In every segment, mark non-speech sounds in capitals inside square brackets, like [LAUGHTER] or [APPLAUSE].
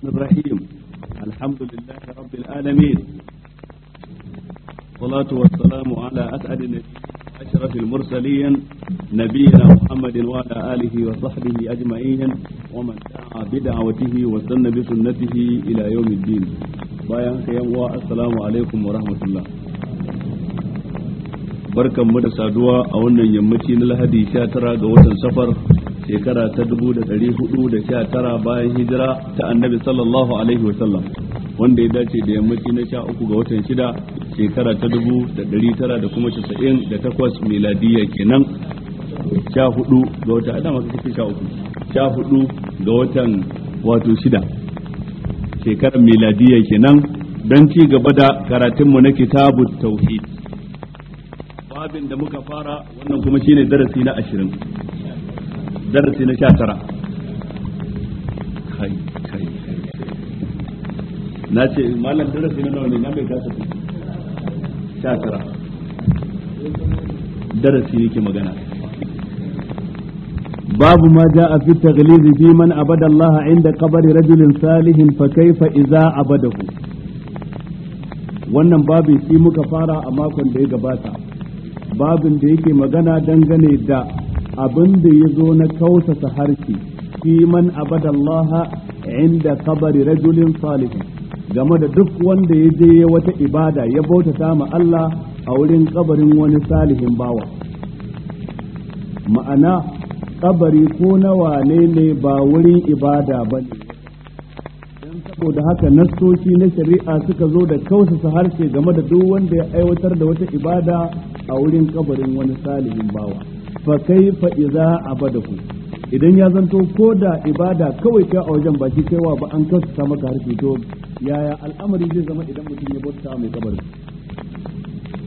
الرحمن الرحيم الحمد لله رب العالمين الصلاة والسلام على أسعد أشرف المرسلين نبينا محمد وعلى آله وصحبه أجمعين ومن دعا بدعوته وسن بسنته إلى يوم الدين بايا قيام السلام عليكم ورحمة الله بركة مدى سادوا أولنا يمتين لهدي شاترا قوة سفر shekara ta dubu da da hudu sha tara bayan hijira ta annabi sallallahu alaihi wa sallam wanda ya dace da yammaci na sha uku ga watan shida. shekara ta dubu da tara takwas miladiyya kenan hudu ga wata sha uku sha hudu ga watan wato shida shekarar miladiyya kenan don ci gaba da karatunmu na kitabu tauhid babin da muka fara wannan kuma shine darasi na ashirin darasi na sha tara kai kai na ce malam darasi na nawa ne na bai kasa ku sha tara darasi ne ke magana باب ما جاء في التغليظ في من عبد الله عند قبر رجل صالح فكيف إذا عبده wannan babi shi muka fara a makon da ya gabata babin da yake magana dangane da abin da ya zo na kausasa harshe fi man abadallaha inda kabari rajulin salih game da duk wanda ya je wata ibada ya bautata ma Allah a wurin kabarin wani salihin bawa ma'ana kabari ko na wane ne ba wurin ibada ba ne don saboda haka nassoci na shari'a suka zo da kausasa harshe game da duk wanda ya aiwatar da wata ibada a wurin kabarin wani salihin bawa fa kaifa idza abadahu idan ya zanto ko da ibada kawai kai a wajen baki kaiwa ba an kasta maka harfi to yaya al'amari zai zama idan mutum ya bauta mai kabari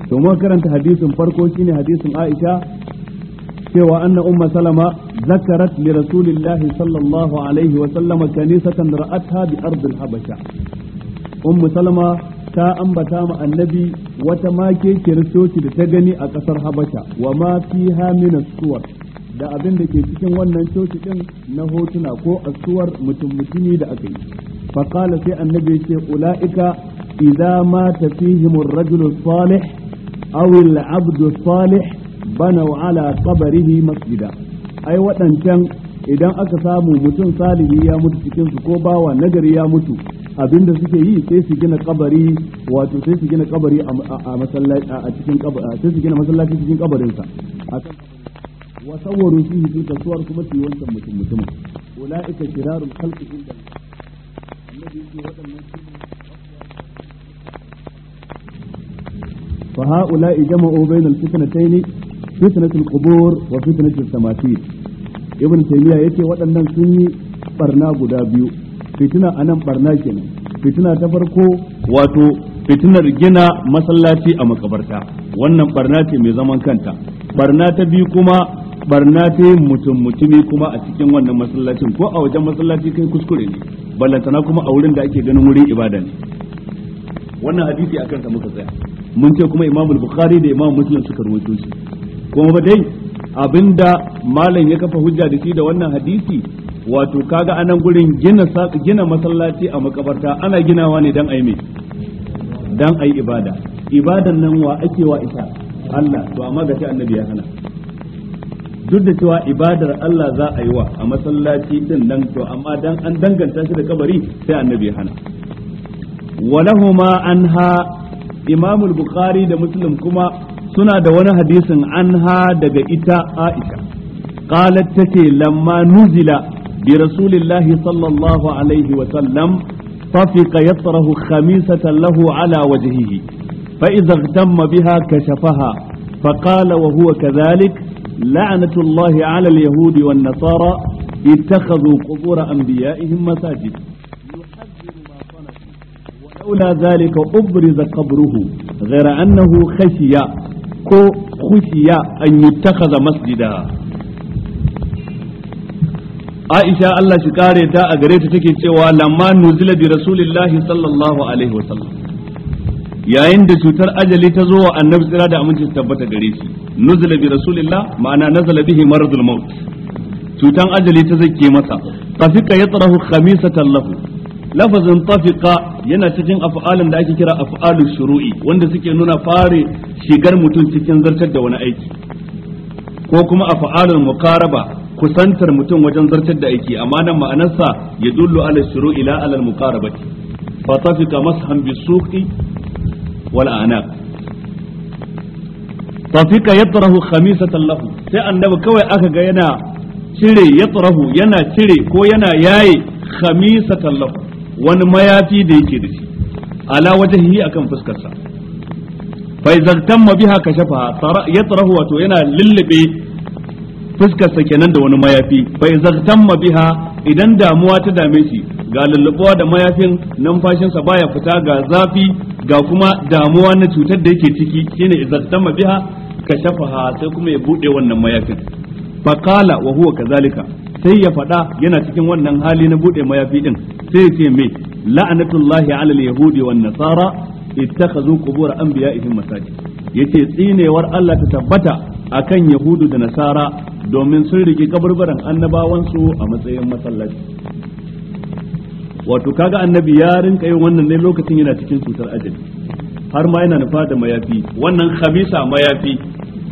to mu karanta hadisin farko shine hadisin Aisha cewa anna umma salama zakarat li rasulillahi sallallahu alaihi wa sallama kanisatan ra'atha bi ardil habasha ummu salama ta ambata ma annabi wata make kiristoci da ta gani a ƙasar habasha wa ma fi hamina suwar da abin da ke cikin wannan coci din na hotuna ko suwar mutum mutumi da aka yi faƙala sai annabi ce ula'ika idza ma fihim ar-rajul salih aw al-abd salih banaw ala qabrihi masjida ai waɗancan idan aka samu mutum salihi ya mutu cikin su ko bawa nagari ya mutu abinda suke yi sai su gina kabari wato sai su gina kabari a masallaci a cikin kabari sai su gina masallaci cikin kabarin sa akan wa sawwaru fihi tilka suwar kuma su wancan mutum mutum ulaika shirarul khalqi inda annabi yake wadannan fa haula jama'u bainal fitnatayn fitnatul qubur wa fitnatul tamathil ibn taymiya yace waɗannan sun yi barna guda biyu fitina a nan barna kenan fitina ta farko wato fitinar gina masallaci a makabarta wannan barna ce mai zaman kanta barna ta biyu kuma barna ta yin mutum mutumi kuma a cikin wannan masallacin ko a wajen masallaci kai kuskure ne ballantana kuma a wurin da ake ganin wurin ibada ne wannan hadisi akan ta muka tsaya mun ce kuma Imam Bukhari da Imam Muslim suka rawaito shi kuma ba dai abinda malam ya kafa hujja da shi da wannan hadisi wato kaga anan gurin gina gina masallaci a makabarta ana ginawa ne dan ayi dan ayi ibada ibadan nan wa ake wa ita Allah to amma ga annabi ya hana duk da cewa ibadar Allah za a yi wa a masallaci din nan to amma dan an danganta shi da kabari sai annabi hana walahuma anha imam al-bukhari da muslim kuma suna da wani hadisin anha daga ita aisha qalat tace lamma nuzila برسول الله صلى الله عليه وسلم طفق يطره خميسة له على وجهه فإذا اغتم بها كشفها فقال وهو كذلك لعنة الله على اليهود والنصارى اتخذوا قبور أنبيائهم مساجد يحذر ما صنعوا ولولا ذلك أبرز قبره غير أنه خشي كو خشي أن يتخذ مسجدا Aisha Allah shi kare ta a gare ta take cewa lamma nuzila bi rasulillahi sallallahu alaihi wasallam yayin da cutar ajali ta zo wa annabi tsira da aminci tabbata gare shi nuzila bi rasulillah ma'ana nazala bihi maradul maut cutan ajali ta zake masa tafiqa yatrahu khamisatan lahu lafazin tafiqa yana cikin af'alin da ake kira af'alul shuru'i wanda suke nuna fare shigar mutum cikin zartar da wani aiki ko kuma af'alul muqaraba kusantar mutum wajen zartar da aiki amma nan ma'anarsa ya dullu ala shuru ila ala muqarabati fa tafika mashan bisuqi wal anaq tafika yatrahu khamisatan lahu sai annabi kawai aka ga yana cire yatrahu yana cire ko yana yaye khamisatan lahu wani mayafi da yake da shi ala wajhihi akan fuskarsa fa idan tamma biha kashafa yatrahu wato yana lullube Fuskar fuskarsa kenan da wani mayafi fa zartan biha idan damuwa ta dame shi ga lullubuwa da mayafin numfashinsa baya fita ga zafi ga kuma damuwa na cutar da yake ciki shine izartamma biha ka ha sai kuma ya bude wannan mayafin faqala wa huwa kazalika sai ya faɗa yana cikin wannan hali na bude mayafi din sai ya ce me la'anatullahi alal yahudi wan nasara ittakhadhu qubur anbiya'ihim masajid yace tsinewar Allah ta tabbata akan yahudu da nasara domin sun rike kaburburan annabawansu a matsayin masallaci wato kaga annabi ya rinka yin wannan ne lokacin yana cikin cutar ajali har ma yana nufa da mayafi wannan khabisa mayafi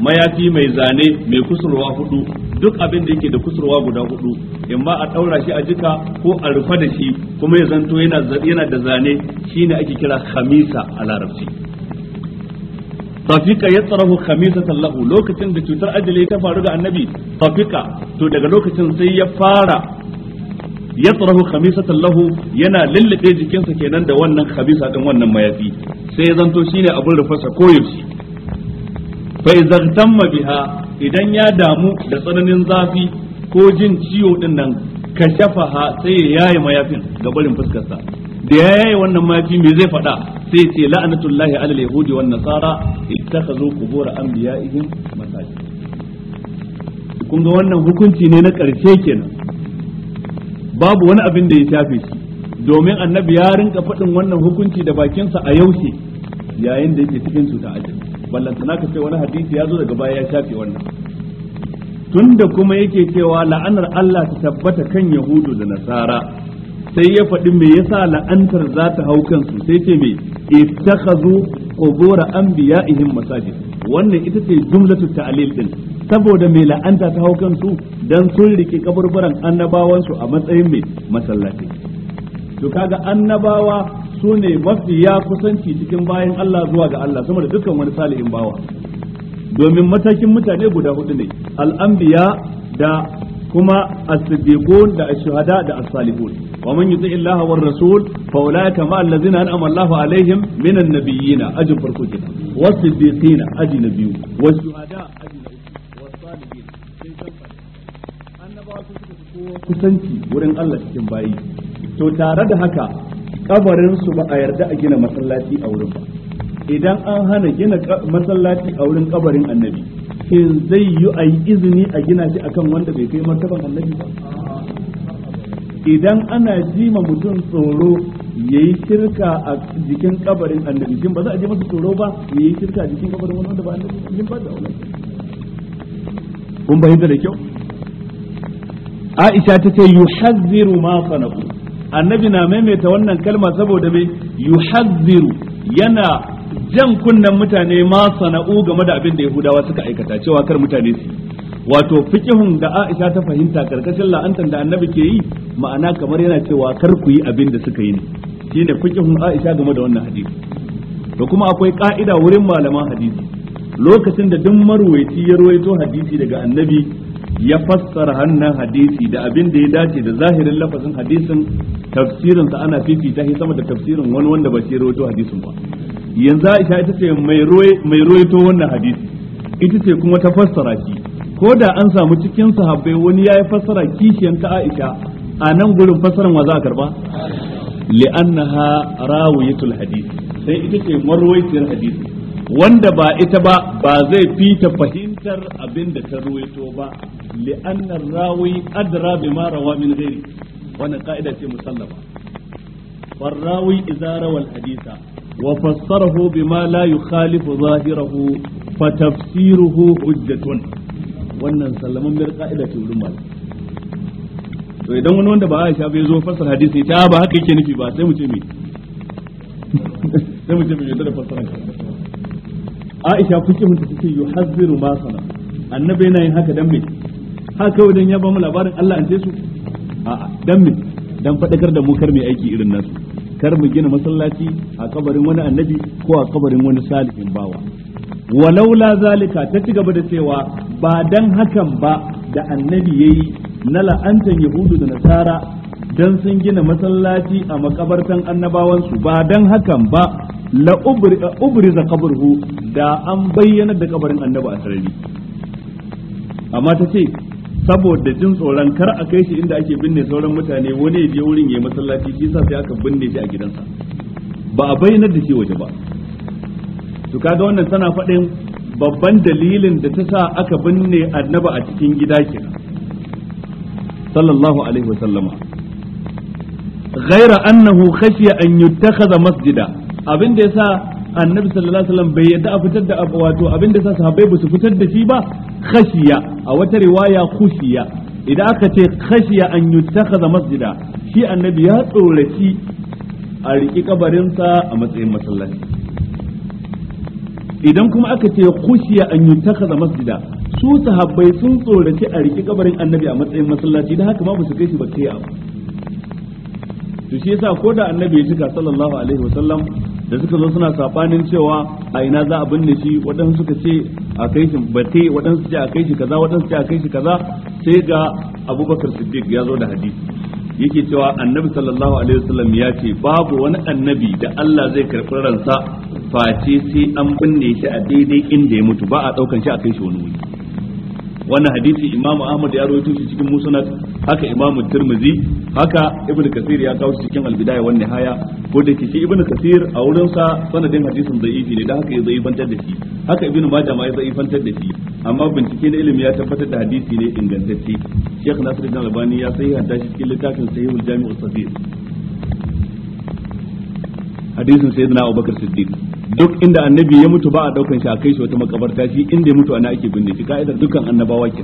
mayafi mai zane mai kusurwa hudu duk abin da yake da kusurwa guda hudu in ba a daura shi a jika ko a rufa da shi kuma ya zanto yana da zane shine ake kira khamisa a larabci tafika ya tsarahu khamisatan tallahu lokacin da cutar ajali ta faru ga annabi tafika to daga lokacin sai ya fara ya tsarahu khamisatan tallahu yana lullube jikinsa kenan da wannan khamisa din wannan mayafi sai ya zanto ne abin rufarsa koyaushe fa zartan biha idan ya damu da tsananin zafi ko jin ciwo din nan kashafaha sai ya yaye mayafin ga barin fuskarsa da ya yi wannan mayafi me zai faɗa sai ce la'anatullahi alal yahudi wan nasara ittakhadhu qubur anbiya'ihim masajid kun ga wannan hukunci ne na ƙarshe kenan babu wani abin da ya shafe shi domin annabi ya rinka faɗin wannan hukunci da bakinsa a yaushe yayin da yake cikin su ta ajin ballantana ka ce wani hadisi ya zo daga baya ya shafe wannan tunda kuma yake cewa la'anar Allah ta tabbata kan yahudu da nasara sai ya faɗi me yasa la'antar za ta hau kansu sai ce me ittakhazu qubur anbiya'ihim masajid wannan ita ce jumlatu ta'lil din saboda me la'anta ta hau kansu dan sun rike kaburburan annabawansu a matsayin me masallaci to kaga annabawa su ne ya kusanci cikin bayan Allah zuwa ga Allah sama da dukkan wani salihin bawa domin matakin mutane guda hudu ne al-anbiya da kuma as-siddiqun da ash-shuhada da as-salihun wa man yuti Allah war rasul fa ulaika ma allazina an'ama Allahu alaihim minan nabiyyina ajin farko kenan was-siddiqina aji na biyu was-shuhada aji na uku was-salihin sai san annabawa sun suka kowa kusanci wurin Allah cikin bayi to tare da haka kabarin su ba a yarda a gina masallaci a wurin ba idan an hana gina masallaci a wurin kabarin annabi shin zai yi a yi izini a gina shi akan wanda bai kai martaban annabi ba idan ana ma mutum tsoro ya yi shirka a jikin kabarin annabi shin ba za a ji masa tsoro ba ya yi shirka a jikin kabarin wani wanda ba annabi shin ba da wani kun bayyana da kyau Aisha ta ce yuhazziru ma sanaku annabi na maimaita wannan kalma saboda me yuhazziru yana jan kunnen mutane ma sana'u game da abin da yahudawa suka aikata cewa kar mutane su wato fiqhun da Aisha ta fahimta karkashin la'antar da annabi ke yi ma'ana kamar yana cewa kar ku yi abin da suka yi ne shine fiqhun Aisha game da wannan hadisi to kuma akwai ka'ida wurin malaman hadisi lokacin da duk marwayi ya ruwaito hadisi daga annabi ya fassara hannun hadisi da abin da ya dace da zahirin lafazin hadisin tafsirin sa ana fifita shi sama da tafsirin wani wanda ba shi rawaito hadisin ba yanzu Aisha ita ce mai roye mai wannan hadisi ita ce kuma ta fassara shi ko da an samu cikin sahabbai wani ya yi fassara kishiyan ta Aisha a nan gurin fassaran wa za a karba li'annaha rawiyatul hadisi. sai ita ce marwaitiyar hadisi wanda ba ita ba ba zai fi ta fahimtar abin da ta ruwaito ba li'annar rawi adra ma rawa min ghairi wannan ka'ida ce musallama farawi idza rawa wa fassarahu bima la yukhalifu zahirahu fa tafsiruhu hujjatun wannan sallaman mir ka'ida ce wurin malam to idan wani wanda ba Aisha bai zo fassara hadisi ta ba haka yake nufi ba sai mu ce me [LAUGHS] sai mu ce me da fassara Aisha fikihun ta take yuhazziru ma sana annabi yana yin haka dan me haka kawai ya ba mu labarin Allah an su a'a dan me dan fadakar da mu kar mai aiki irin nasu kar mu gina masallaci a kabarin wani annabi ko a kabarin wani salihin bawa walaula zalika ta ci gaba da cewa ba dan hakan ba da annabi yayi na la'antan yahudu da nasara dan sun gina masallaci a makabartan annabawansu ba dan hakan ba la ubriza qabrhu da an bayyana da kabarin annabi a sarari amma ta ce saboda jin tsoron kar a kai shi inda ake binne sauran mutane wani ya je wurin ya yi masallaci shi sa sai aka binne shi a gidansa ba a bayyana da shi waje ba to kaga wannan tana faɗin babban dalilin da ta sa aka binne annaba a cikin gida ke sallallahu alaihi wa sallama ghaira annahu khashiya an yuttakhadha masjida abin da yasa annabi sallallahu alaihi wasallam bai yadda a fitar da wato abin da yasa sahabbai ba su fitar da shi ba khashiya a wata riwaya khushiya idan aka ce khashiya an yuttakhadha masjida shi annabi ya tsoraci a riki kabarinsa a matsayin masallaci idan kuma aka ce khushiya an yuttakhadha masjida su sahabbai sun tsoraci a riki kabarin annabi a matsayin masallaci da haka ma ba su kai shi ba kai abu to shi yasa ko da annabi ya cika sallallahu alaihi wasallam da suka zo suna sabanin cewa a ina za a binne shi waɗansu suka ce a kai shi bate waɗansu ce a kai shi kaza waɗansu ce a kai shi kaza sai ga abubakar siddiq ya zo da hadisi yake cewa annabi sallallahu alaihi wasallam ya ce babu wani annabi da Allah zai karɓi ransa face sai an binne shi a daidai inda ya mutu ba a ɗaukan shi a kai shi wani wuri wannan hadisi imam ahmad ya rawaito shi cikin musnad haka imam tirmidhi haka ibnu kasir ya kawo cikin albidaya bidaya wan nihaya ko da shi ibnu kasir a wurin sa sanadin hadisin da'ifi ne da haka ya zaifantar da shi haka ibnu majah ma ya zaifantar da shi amma bincike na ilimi ya tabbatar da hadisi ne ingantacce sheikh nasiruddin albani ya hadda shi cikin littafin sahihul jami'u sahih hadisin sayyidina abubakar siddiq duk inda annabi ya mutu ba a daukan shi a kai shi wata makabarta shi inda ya mutu ana ake binne shi ka'idar dukkan annabawa ke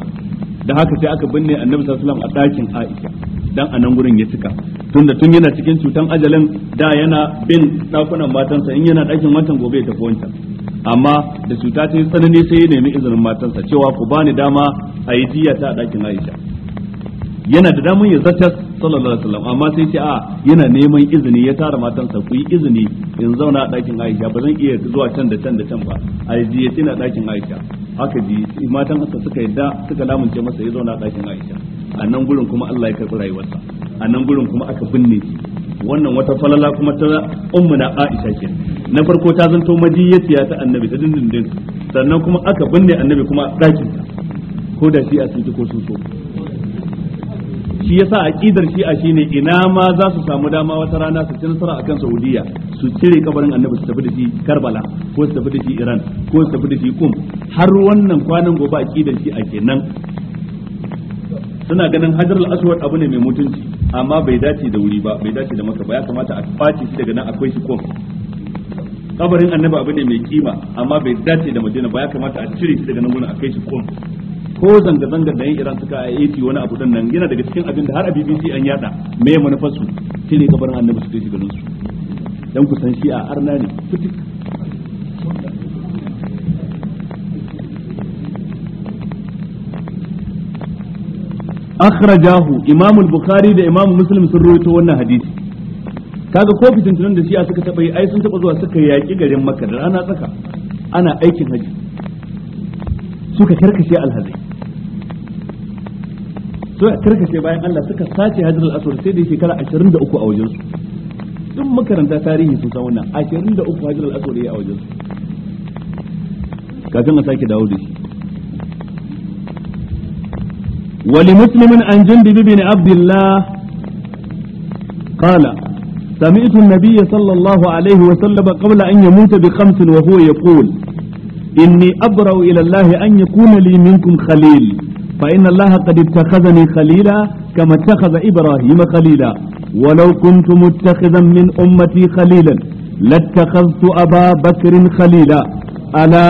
da haka sai aka binne annabi sallallahu alaihi a ɗakin Aisha dan anan gurin ya cika tunda tun yana cikin cutan ajalin da yana bin ɗakunan matansa in yana ɗakin wancan gobe ya tafi wancan amma da cuta ta yi tsanani sai ya nemi izinin matansa cewa ku bani dama a yi jiya ta a ɗakin Aisha yana da damun ya zartar sallallahu alaihi wasallam amma sai ce a yana neman izini ya tara matansa ku yi izini in zauna a ɗakin Aisha ba zan iya zuwa can da can da can ba a ji ya tina ɗakin Aisha haka ji matan sa suka yadda suka lamunce masa ya zauna a ɗakin Aisha a nan gurin kuma Allah ya karɓi rayuwarsa a nan gurin kuma aka binne wannan wata falala kuma ta na Aisha ke na farko ta zanto madiyatiya ta annabi ta dindindin sannan kuma aka binne annabi kuma ɗakin ta ko da shi a ko sun so shi yasa aqidar a shine ina ma za su samu dama wata rana su ci nasara akan Saudiya su cire kabarin Annabi su tafi da shi Karbala ko su tafi da shi Iran ko su tafi da shi Kum har wannan kwanan gobe aqidar a kenan suna ganin Hajar al-Aswad abu ne mai mutunci amma bai dace da wuri ba bai dace da maka ba ya kamata a kwace shi daga nan akwai shi Kum kabarin Annabi abu ne mai kima amma bai dace da Madina ba ya kamata a cire shi daga nan gurin akai shi Kum ko zanga-zanga da yin iran suka a eti wani abu dan nan yana daga cikin abin da har a bbc an yada me ya manufar su cire kabarin annabi su kai shi garin su dan ku san shi a arna ne fitik akhrajahu imam al-bukhari da imam muslim sun rawaito wannan hadisi kaga ko fitintunan da shi'a suka taba yi ai sun taba zuwa suka yaki garin makka da rana tsaka ana aikin haji suka karkashe alhazai suka karkace bayan Allah suka sace hajarul aswad sai da shekara 23 a wajen su duk makaranta tarihi sun san wannan 23 hajarul aswad ya a wajen su kafin a sake dawo da shi wali muslimin an jundubi bin abdullah qala سمعت النبي صلى الله عليه وسلم قبل أن يموت بخمس وهو يقول إني أبرأ إلى الله أن يكون لي منكم خليل fa inna allaha qad ittakhadhani khalila kama ittakhadha ibrahima khalila walau kuntu muttakhidan min ummati khalilan لاتخذت أبا بكر خليلا ألا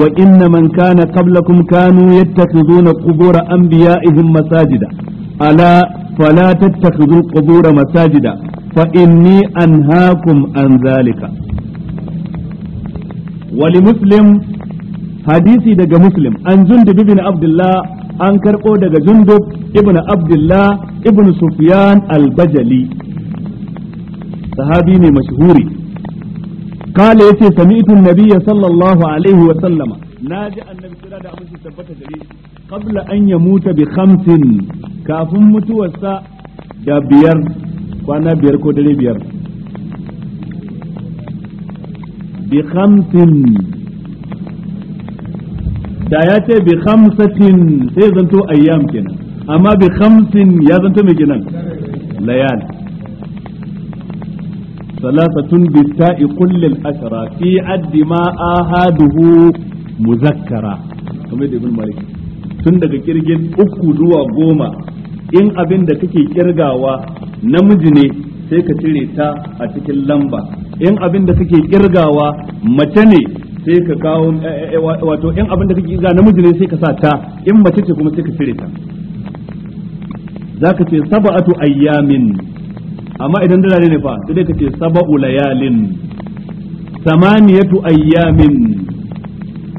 وإن من كان قبلكم كانوا يتخذون قبور أنبيائهم مساجدا ألا فلا تتخذوا القبور مساجدا فإني أنهاكم عن ذلك ولمسلم حديثي دق مسلم عن جند بن عبد الله an karɓo daga jundub ibn abdullah ibn sufyan al-bajali sahabi ne mashhuri kala yace sami'tu an-nabiy sallallahu alaihi wa sallama naji annabi kira da amince tabbata gare shi qabla an yamuta bi khamsin kafin mutuwarsa da biyar kwana biyar ko dare biyar bi khamsin da ya ce bi khamsatin sai zanto ayyam kenan amma bi khamsin ya zanto mai kenan layal salasatun bi ta'i kullil ashra fi addi ma ahaduhu muzakkara kamar da ibn malik tun daga kirgin uku zuwa goma in abin da kake kirgawa namiji ne sai ka cire ta a cikin lamba in abin da kake kirgawa mace ne sai ka kawo eh, eh, eh, wato in abin da kake iza namiji ne sai ka sa ta in mace ce kuma sai ka cire ta zaka ce sab'atu ayyamin amma idan dalare ne fa sai ka ce sab'u layalin samaniyatu ayyamin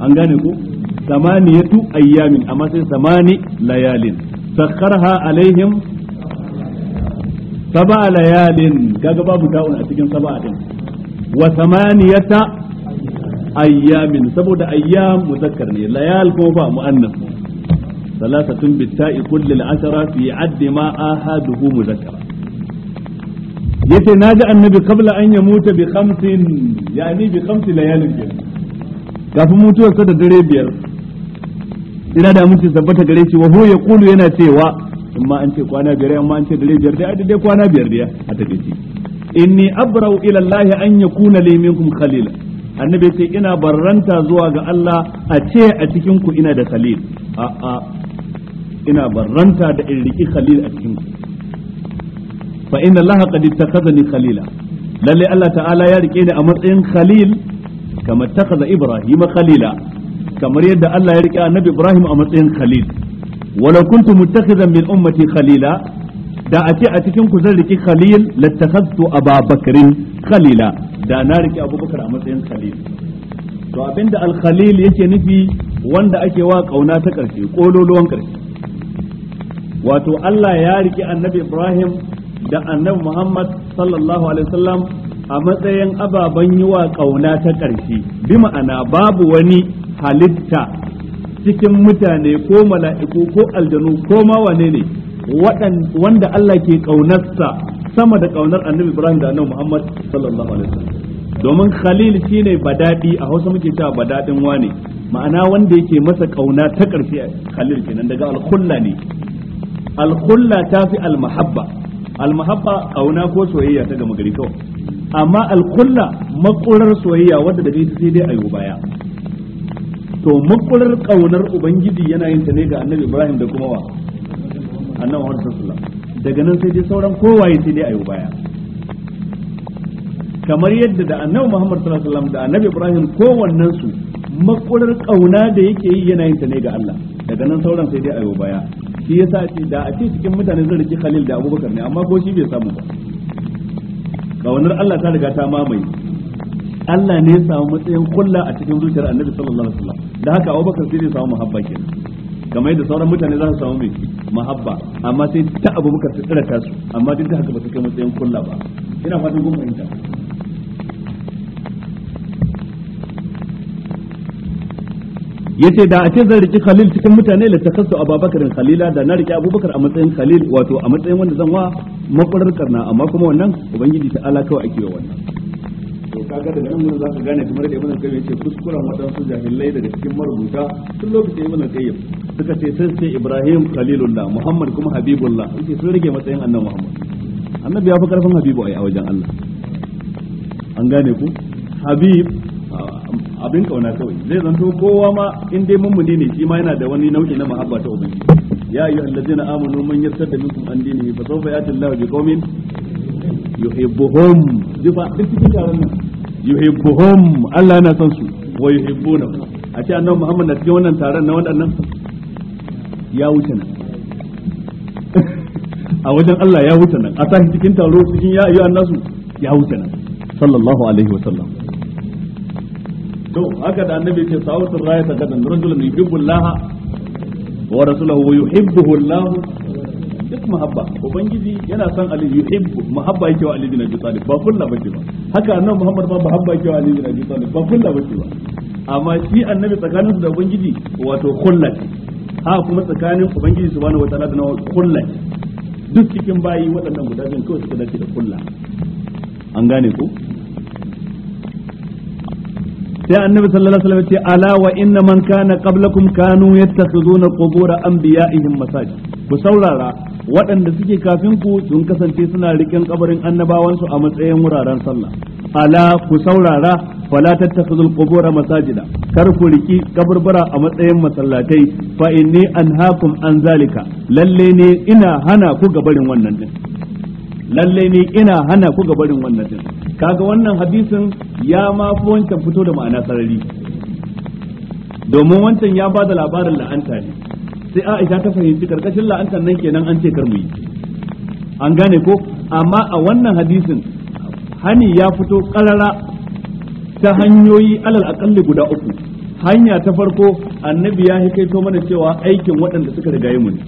an gane ko samaniyatu ayyamin amma sai samani layalin sakkarha alaihim sab'a layalin kaga babu ta'un a cikin sab'a din wa samaniyata ayyamin saboda ayyam muzakkar ne layal ko ba mu'annas salasatun bitta'i kulli al'ashara fi addi ma ahaduhu muzakkar yace naji annabi qabla an yamuta bi khamsin yani bi khamsi layalin kafin mutuwar sa da dare biyar ina da mutum tabbata gare shi wa huwa yaqulu yana cewa in ma an ce kwana biyar amma an ce dare biyar dai dai kwana biyar dai a take inni abrau ila allahi an yakuna li minkum khalila annabi ce ina barranta zuwa ga Allah a ce a cikin ku ina da khalil a a ina barranta da in riki khalil a cikin ku fa inna Allah qad ittakhadhani khalila lalle Allah ta'ala ya rike ni a matsayin khalil kama takaza Ibrahim khalila kamar yadda Allah ya rike annabi Ibrahim a matsayin khalil wala kuntu muttakhidan min ummati khalila da a ce a cikin ku zan riki khalil lattakhadtu Abu Bakrin khalila da na rike abubakar a matsayin khalil to abinda al-khalil yake nufi wanda ake wa kauna ta ƙarshe kololuwan ƙarshe wato Allah ya rike annabi Ibrahim da annabi Muhammad sallallahu alaihi wasallam a matsayin ababen yi wa kauna ta ƙarshe bi ma'ana babu wani halitta cikin mutane ko mala'iku ko aljanu ko ma wane ne wanda Allah ke ƙaunarsa sama da kaunar annabi ibrahim da annabi muhammad sallallahu alaihi wasallam domin khalil shine badadi a hausa muke cewa badadin wane ma'ana wanda yake masa kauna ta karshe khalil kenan daga al-khulla ne al-khulla fi al-mahabba al-mahabba kauna ko soyayya ta gama gari kawai amma al-khulla makurar soyayya wadda da bai sai dai ayu baya to makurar kaunar ubangiji yana yin ta ne ga annabi ibrahim da kuma wa annabi muhammad sallallahu alaihi wasallam daga nan sai dai sauran kowaye sai dai ayo baya kamar yadda da annabi Muhammad sallallahu alaihi wasallam da annabi Ibrahim kowannen su makurar kauna da yake yi yana yin ta ne ga Allah daga nan sauran sai dai ayo baya shi yasa ce da a ce cikin mutane zan riki Khalil da Abubakar ne amma ko shi bai samu ba kaunar Allah ta riga ta mamaye Allah ne ya samu matsayin kulla a cikin zuciyar Annabi sallallahu alaihi wasallam da haka Abubakar sai dai samu muhabba kenan kamar yadda sauran mutane za su samu mai mahabba amma sai ta abu muka tsira ta su amma duk da haka ba su kai matsayin kulla ba ina fatan kun fahimta yace da a ce zan riki khalil cikin mutane la takassu ababakarin khalila da na riki abubakar a matsayin khalil wato a matsayin wanda zan wa makwarar karna amma kuma wannan ubangiji ta ala kawai ake wa wannan to kaga daga nan mun za ka gane kamar da ibn qayyim yace kuskuren wadansu jahilai daga cikin marubuta tun lokacin ibn qayyim suka ce sai sai ibrahim khalilullah muhammad kuma habibullah yake sun rage matsayin annabi muhammad annabi ya fi karfin habibu ai a wajen Allah an gane ku habib abin kauna kawai zai zanto kowa ma in dai mummuni ne shi ma yana da wani nau'i na mahabba ta ubangiji ya ayyuhal allazina amanu man yartadda minkum an dinihi fa sawfa yatillahu Allahu biqaumin yuhibbuhum duk cikin taron nan yuhibbuhum Allah yana son su wa yuhibbuna a ce annabi Muhammad na cikin wannan taron na waɗannan ya wuce nan [LAUGHS] a wajen Allah ya wuce nan a sahi cikin taro cikin ya ayyu annasu ya wuce nan sallallahu alaihi wa sallam to haka da annabi ce sa'utul rayata gadan rajulun yuhibbu Allah wa rasuluhu wa yuhibbuhu Allah duk mahabba ubangiji yana son ali yuhibbu mahabba yake wa ali bin abi talib ba kulla bace ba haka annabi muhammad ma mahabba yake wa ali bin abi talib ba kulla bace ba amma shi annabi tsakanin su da ubangiji wato kulla ha kuma tsakanin ubangiji subhanahu wataala da nawa kulla duk cikin bayi waɗannan guda biyun kawai suka dace da kulla an gane ko sai annabi sallallahu alaihi wasallam ya ce ala wa inna man kana qablakum kanu yattakhizuna qubur anbiya'ihim masajid ku saurara waɗanda suke kafin ku sun kasance suna riƙen kabarin annabawansu a matsayin wuraren sallah ala ku saurara fala tattakhidul qubura masajida kar ku riki kaburbura a matsayin masallatai fa inni anhaakum an zalika lalle ne ina hana ku gabarin wannan din lalle ne ina hana ku gabarin wannan din kaga wannan hadisin ya ma wancan fito da ma'ana sarari domin wancan ya bada labarin la'anta ne sai Aisha ta fahimci karkashin la'antar nan kenan an ce kar mu yi an gane ko amma a wannan hadisin hani ya fito karara ta hanyoyi alal akalli guda uku hanya ta farko annabi ya hikaito mana cewa aikin waɗanda suka riga mu ne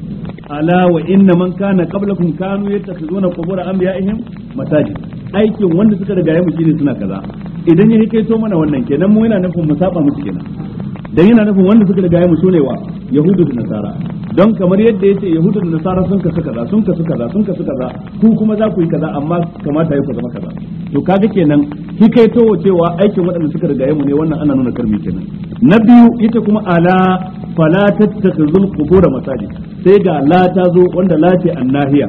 ala wa inna man kana qablakum kanu yattakhizuna qubur anbiya'ihim masajid aikin wanda suka yi mu shine suna kaza idan ya hikaito mana wannan kenan mu yana nufin mu saba musu kenan dan yana nufin wanda suka riga mu sune wa yahudu da nasara don kamar yadda yace yahudu da nasara sun kasu kaza sun kasu kaza sun kasu kaza ku kuma za ku yi kaza amma kamata ya ku zama kaza to kaga kenan hikaitowa cewa aikin waɗanda suka riga mu ne wannan ana nuna karmi kenan na biyu ita kuma ala fala tattakhizul qubur masajid sai ga la ta zo wanda la ce annahiya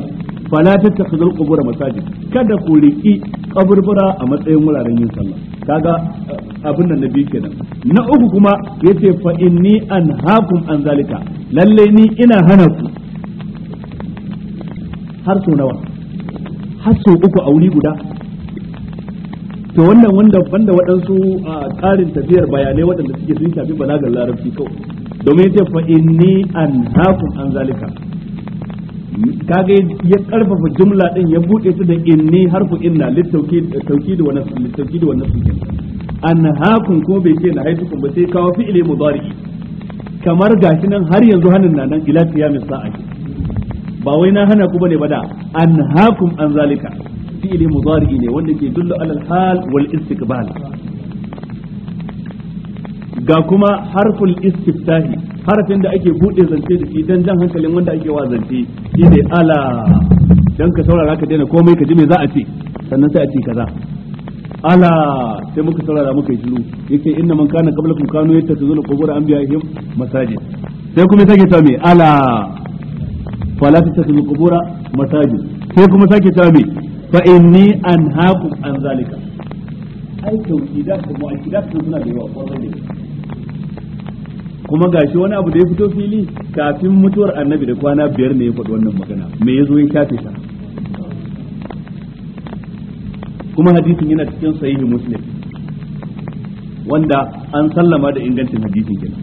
fala tattakhidul qubur masajid kada ku riki kaburbura a matsayin wuraren yin sallah kaga eh, abin nan nabi kenan na uku kuma yace fa inni anhaakum an zalika lalle ni ina hana ku har sau nawa har sau uku a wuri guda to wannan wanda banda waɗansu a ƙarin tafiyar bayanai waɗanda suke sun shafi balagar larabci kawai domin yace fa inni anhaakum an zalika kage ya karfafa jumla din ya bude ta da inni harfu inna littaukid wa nasb littaukid wa nasb anhaakum ko bai ce na kun ba sai kawo fi'ili mudari kamar gashi nan har yanzu hanin na nan ila qiyamis sa'a ba wai na hana ku bane ba da anhaakum an zalika fi'ili mudari ne wanda ke dullu alal hal wal istiqbal ga kuma harful istiftahi harafin da ake buɗe zance da shi dan jan hankalin wanda ake wa zance shi ne ala dan ka saurara ka daina komai ka ji me za a ce sannan sai a ce kaza ala sai muka saurara muka yi shiru yace inna man kana qablakum kanu yattakhizuna qubur anbiya'ihim masajid sai kuma sake ta me ala fala tattakhizul qubura masajid sai kuma sake ta me fa inni anhaqu an zalika ai tauhidat da mu'akkidat suna da yawa kwarai da kuma gashi wani abu da ya fito fili kafin mutuwar annabi da kwana biyar ne ya faɗi wannan magana mai ya zo ya shafe ta kuma hadisin yana cikin sahihi muslim wanda an sallama da ingancin hadisin kenan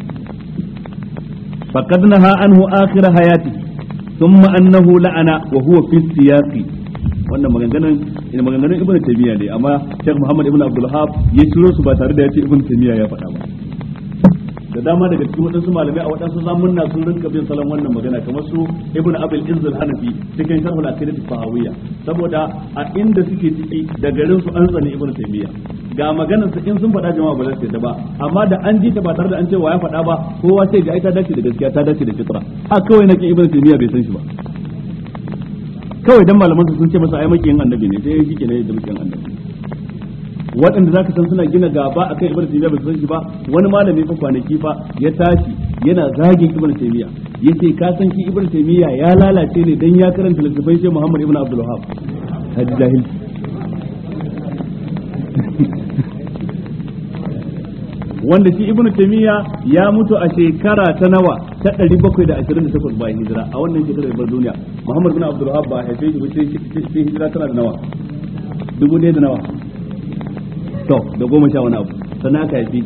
faqad naha anhu akhir hayati thumma annahu la'ana wa huwa fi wannan maganganun ina maganganun ibnu taymiya ne amma Sheikh Muhammad ibnu Abdul ya ciro su ba tare da ya ce ibnu taymiya ya faɗa ba da dama daga cikin waɗansu malamai a waɗansu zamunna sun rinka bin salon wannan magana kamar su ibn abil izzul hanafi cikin sharhul aqidat fahawiyya saboda a inda suke ciki da garin su an zani ibn taymiya ga maganar su in sun faɗa jama'a ba za ta ba amma da an ji ta ba tare da an ce wa ya faɗa ba kowa sai ga ai ta dace da gaskiya ta dace da fitra a kawai nake ibn taymiya bai san shi ba kawai dan malaman su sun ce masa ai makiyin annabi ne sai yake ne da makiyin annabi waɗanda zaka san suna gina gaba akan ibada taymiya ba su san shi ba wani malami fa kwanaki fa ya tashi yana zagin ibnu ya yace ka san ki ibada taymiya ya lalace ne dan ya karanta littafai sai muhammad ibn abdul wahhab hadi jahil [LAUGHS] wanda shi ibnu taymiya ya mutu a shekara ta nawa ta 728 bayan hijira a wannan shekarar bar duniya muhammad bin abdul wahab ba haife shi ba sai hijira tana da nawa dubu ne da nawa to da goma sha wani abu sannan aka haifi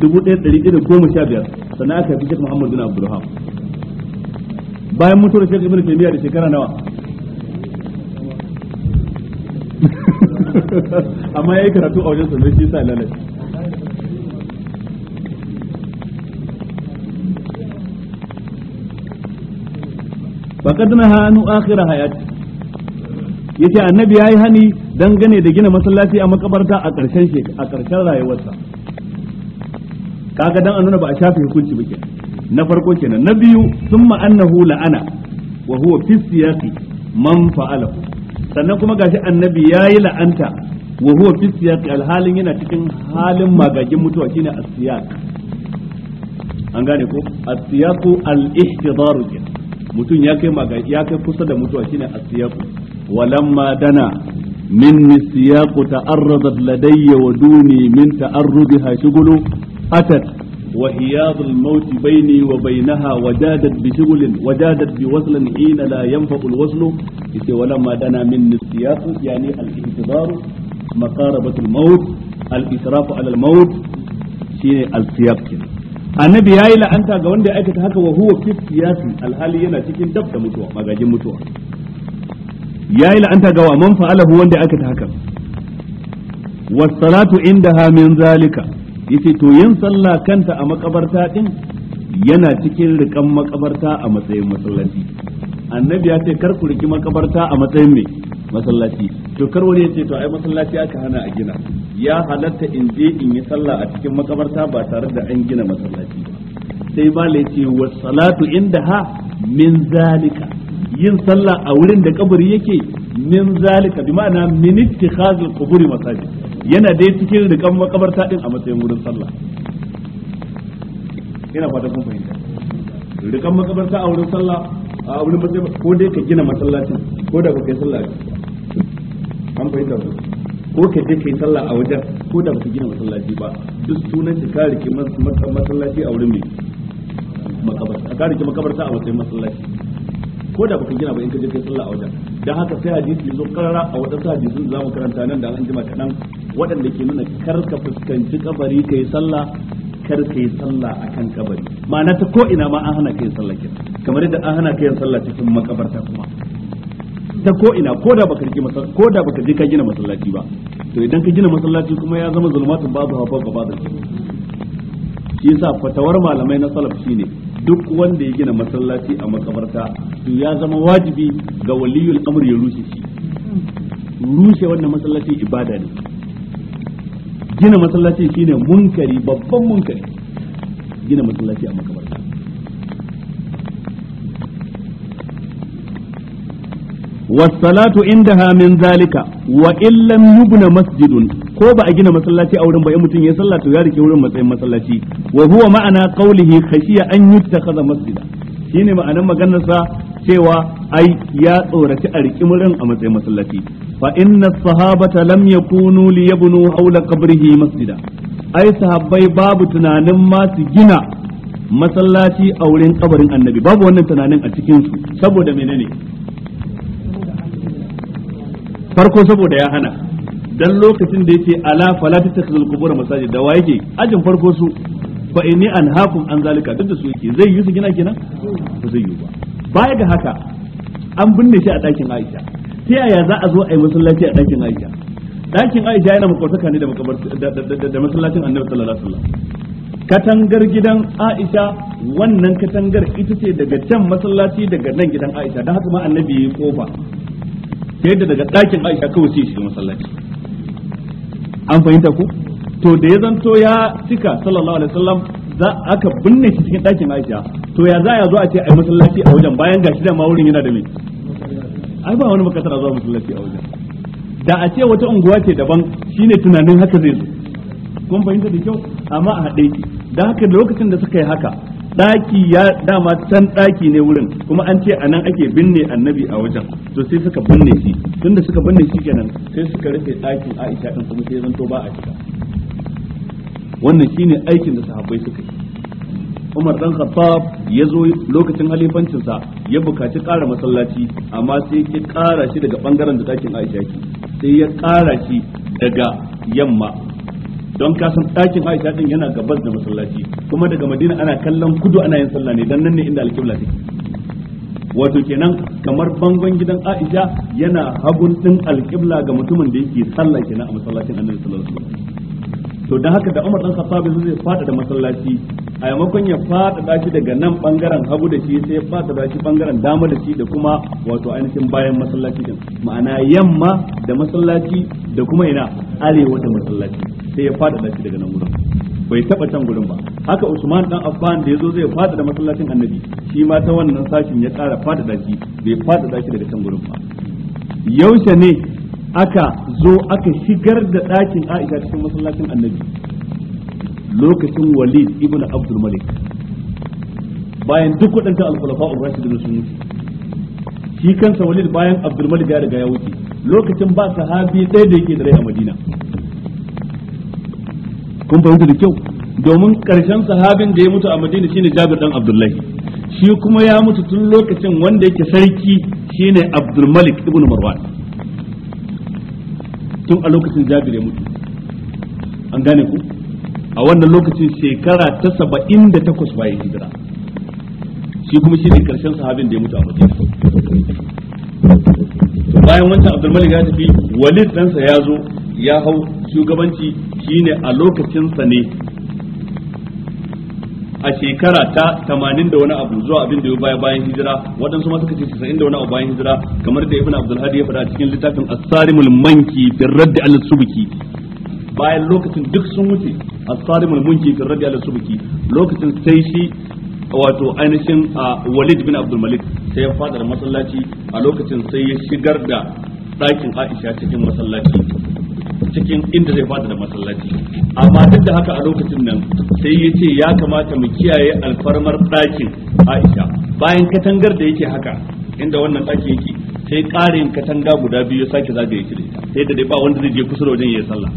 dubu ɗaya ɗari ɗaya da goma sha biyar sannan aka haifi shek muhammadu na abdulham bayan mutuwar shek ibn taimiyya da shekara nawa [LAUGHS] amma ya yi karatu a wajen sannan shi sa lalace فقدنا هانو آخر حياتي yace annabi yayi hani dangane da gina masallaci a makabarta a ƙarshen a ƙarshen rayuwarsa kaga dan annuna ba a shafe hukunci ba na farko kenan na biyu summa annahu la'ana wa huwa fi siyaqi man fa'alahu sannan kuma gashi annabi yayi la'anta wa huwa fi siyaqi alhalin yana cikin halin magagin mutuwa shine as-siyaq an gane ko as-siyaqu al-ihtidaru mutum ya kai ya kai kusa da mutuwa shine as-siyaqu ولما دنا مني السياق تعرضت لدي ودوني من تعرضها شغل أتت وهياض الموت بيني وبينها وجادت بشغل وجادت بوصل حين لا ينفع الوصل ولما دنا مني السياق يعني الانتظار مقاربة الموت الإسراف على الموت شيء السياق annabi yayi la'anta ga wanda ya aikata haka wa huwa fi siyasi alhali yana cikin dab da mutuwa magajin mutuwa Ya yi la'anta ga wa man fa'alahu wanda aka ta haka wasalatu salatu ha min zalika yace to yin sallah kanta a makabarta din yana cikin rikan makabarta a matsayin masallaci annabi ya ce kar ku riki makabarta a matsayin me masallaci to kar wani ya ce to ai masallaci aka hana a gina ya halatta in je in yi sallah a cikin makabarta ba tare da an gina masallaci ba sai ba ce wa salatu inda ha min zalika yin sallah a wurin da kabari yake min zalika bi ma'ana min ittikhazul quburi masajid yana dai cikin rikan makabarta din a matsayin wurin sallah ina fata kun fahimta rikan makabarta a wurin sallah a wurin matsayin ko dai ka gina masallacin ko da ka kai sallah an fahimta ku ko ka je kai sallah a wajen ko da ba ka gina masallaci ba duk sunan ka kare masallaci a wurin mai makabarta a kare ki makabarta a matsayin masallaci ko da baka gina ba in ka je kai sallah a wajen dan haka sai hadisi zo karara a wadansu hadisin za mu karanta nan da an jima kadan waɗanda ke nuna kar ka fuskanci kabari kai sallah kar kai sallah akan kabari ma'ana ta ko ina ma an hana kai sallah kin kamar yadda an hana kai sallah cikin makabarta kuma ta ko ina ko da baka rike masallaci ko da baka je ka gina masallaci ba to idan ka gina masallaci kuma ya zama zulmatun babu hafa gaba da shi yasa fatawar malamai na salaf shine duk wanda ya gina masallaci a makabarta to ya zama wajibi ga waliyul amr ya rushe shi rushe wannan masallaci ibada ne gina masallaci shine munkari babban munkari gina masallaci a makabarta والصلاة عندها من ذلك وإن لم يبن masjidun. ko ba a gina masallaci a wurin ba in mutum ya sallah to ya rike wurin matsayin masallaci wa huwa ma'ana qawlihi khashiya an yuttakhadha masjida shine ma'anar maganar sa cewa ai ya tsoraci a rike murin a matsayin masallaci fa inna sahabata lam yakunu yabnu hawla qabrihi masjida ai sahabbai babu tunanin ma su gina masallaci a wurin kabarin annabi babu wannan tunanin a cikin su saboda menene farko saboda ya hana dan lokacin da yake ala fala tattakhizul kubura masaji da wa yake ajin farko su fa inni hakum an zalika duk da su yake zai yi su gina kenan ba zai yi ba baya ga haka an binne shi a dakin Aisha ta yaya za a zo a yi masallaci a dakin Aisha dakin Aisha yana makwataka ne da da masallacin Annabi sallallahu alaihi wasallam katangar gidan Aisha wannan katangar ita ce daga can masallaci daga nan gidan Aisha dan haka ma Annabi ya kofa sai da daga dakin Aisha kawai sai shi masallaci an fahimta ku to da ya zanto ya cika sallallahu alaihi wasallam za aka binne shi cikin ɗakin Aisha to ya za ya zo a ce ai masallaci a wajen bayan gashi da ma wurin yana da me ai ba wani makasar zuwa masallaci a wajen da a ce wata unguwa ce daban shine tunanin haka zai zo kun fahimta da kyau amma a haɗe ki da haka lokacin da suka yi haka daki ya dama can daki ne wurin kuma an ce anan ake binne annabi a wajen to sai suka binne shi tunda suka binne shi kenan sai suka rufe dakin Aisha din kuma sai zanto ba a shiga wannan shine aikin da sahabbai suka yi Umar dan Khattab ya zo lokacin halifancin sa ya bukaci ƙara masallaci amma sai ya ƙara shi daga bangaren da dakin Aisha ke sai ya ƙara shi daga yamma don ka san ɗakin Aisha din yana gabas da masallaci kuma daga Madina ana kallon kudu ana yin sallah ne dan nan ne inda alƙibla take wato kenan kamar bangon gidan Aisha yana hagun din alƙibla ga mutumin da yake sallah kenan a masallacin Annabi sallallahu alaihi wasallam to dan haka da Umar dan Khattab zai fada da masallaci a yamakon ya fada shi daga nan bangaren hagu da shi sai ya fada shi bangaren dama da shi da kuma wato ainihin bayan masallaci din ma'ana yamma da masallaci da kuma ina arewa da masallaci sai ya fada shi daga nan wurin bai taba can gurin ba haka Usman dan Affan da yazo zai fada da masallacin Annabi shi ma ta wannan sashin ya ƙara fada shi bai fada shi daga can gurin ba yaushe ne aka zo aka shigar da ɗakin Aisha cikin masallacin Annabi lokacin Walid ibn Abdul Malik bayan duk waɗanta al-khulafa ar-rashidun sun wuce shi kansa Walid bayan Abdul Malik ya riga ya wuce lokacin ba sahabi ɗaya da yake da rai a Madina kun fahimta da kyau domin karshen sahabin da ya mutu a madina shine jabir dan abdullahi shi kuma ya mutu tun lokacin wanda yake sarki shine abdul malik ibn marwan tun a lokacin jabir ya mutu an gane ku a wannan lokacin shekara ta saba'in da takwas bayan hijira shi kuma shine karshen sahabin da ya mutu a madina bayan wancan abdulmalik ya tafi walid ɗansa ya zo ya hau shugabanci shine a lokacinsa ne a shekara ta tamanin da wani abu zuwa abin da ya baya bayan hijira waɗansu ma suka ce 90 da wani abu bayan hijira kamar da ibn abdul hadi ya faɗa cikin littafin as-sarimul manki fi radd al-subki bayan lokacin duk sun wuce as-sarimul manki fi radd al-subki lokacin sai shi wato ainihin walid bin abdul malik sai ya fada da masallaci a lokacin sai ya shigar da ɗakin aisha cikin masallaci cikin inda zai fada da masallaci amma duk da haka a lokacin nan sai ya ce ya kamata mu kiyaye alfarmar ɗakin aisha bayan katangar da yake haka inda wannan ɗakin yake sai ƙarin katanga guda biyu ya sake zagaye shi da ita sai da dai ba wanda zai je kusa wajen ya sallah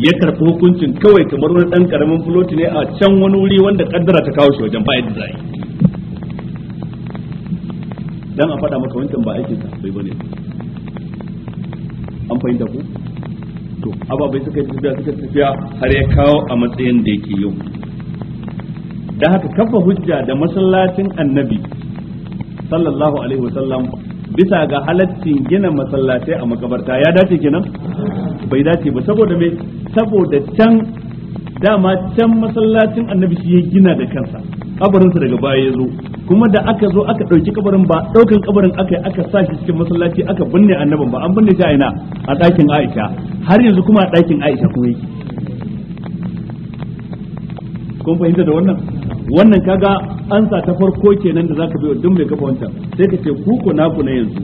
ya karɓi hukuncin kawai kamar wani ɗan ƙaramin fuloti ne a can wani wuri wanda kaddara ta kawo shi wajen ba yadda zai dan a faɗa maka wancan ba aikin bai bane an fahimta ku to ababai suka tafiya suka tafiya har ya kawo a matsayin da yake yau da haka kafa hujja da masallacin annabi sallallahu alaihi wasallam bisa ga halaccin gina masallatai a makabarta ya dace kenan bai dace ba saboda me saboda can dama can masallacin annabi shi ya gina da kansa kabarinsa daga baya ya zo kuma da aka zo aka ɗauki kabarin ba ɗaukan kabarin aka yi aka sa shi cikin masallaci aka binne annabin ba an binne shi a ina a ɗakin aisha har yanzu kuma a ɗakin aisha kuma yake kun fahimta da wannan wannan kaga ansa ta farko kenan da zaka biyo duk mai kafa wancan sai ka ce ku ku naku na yanzu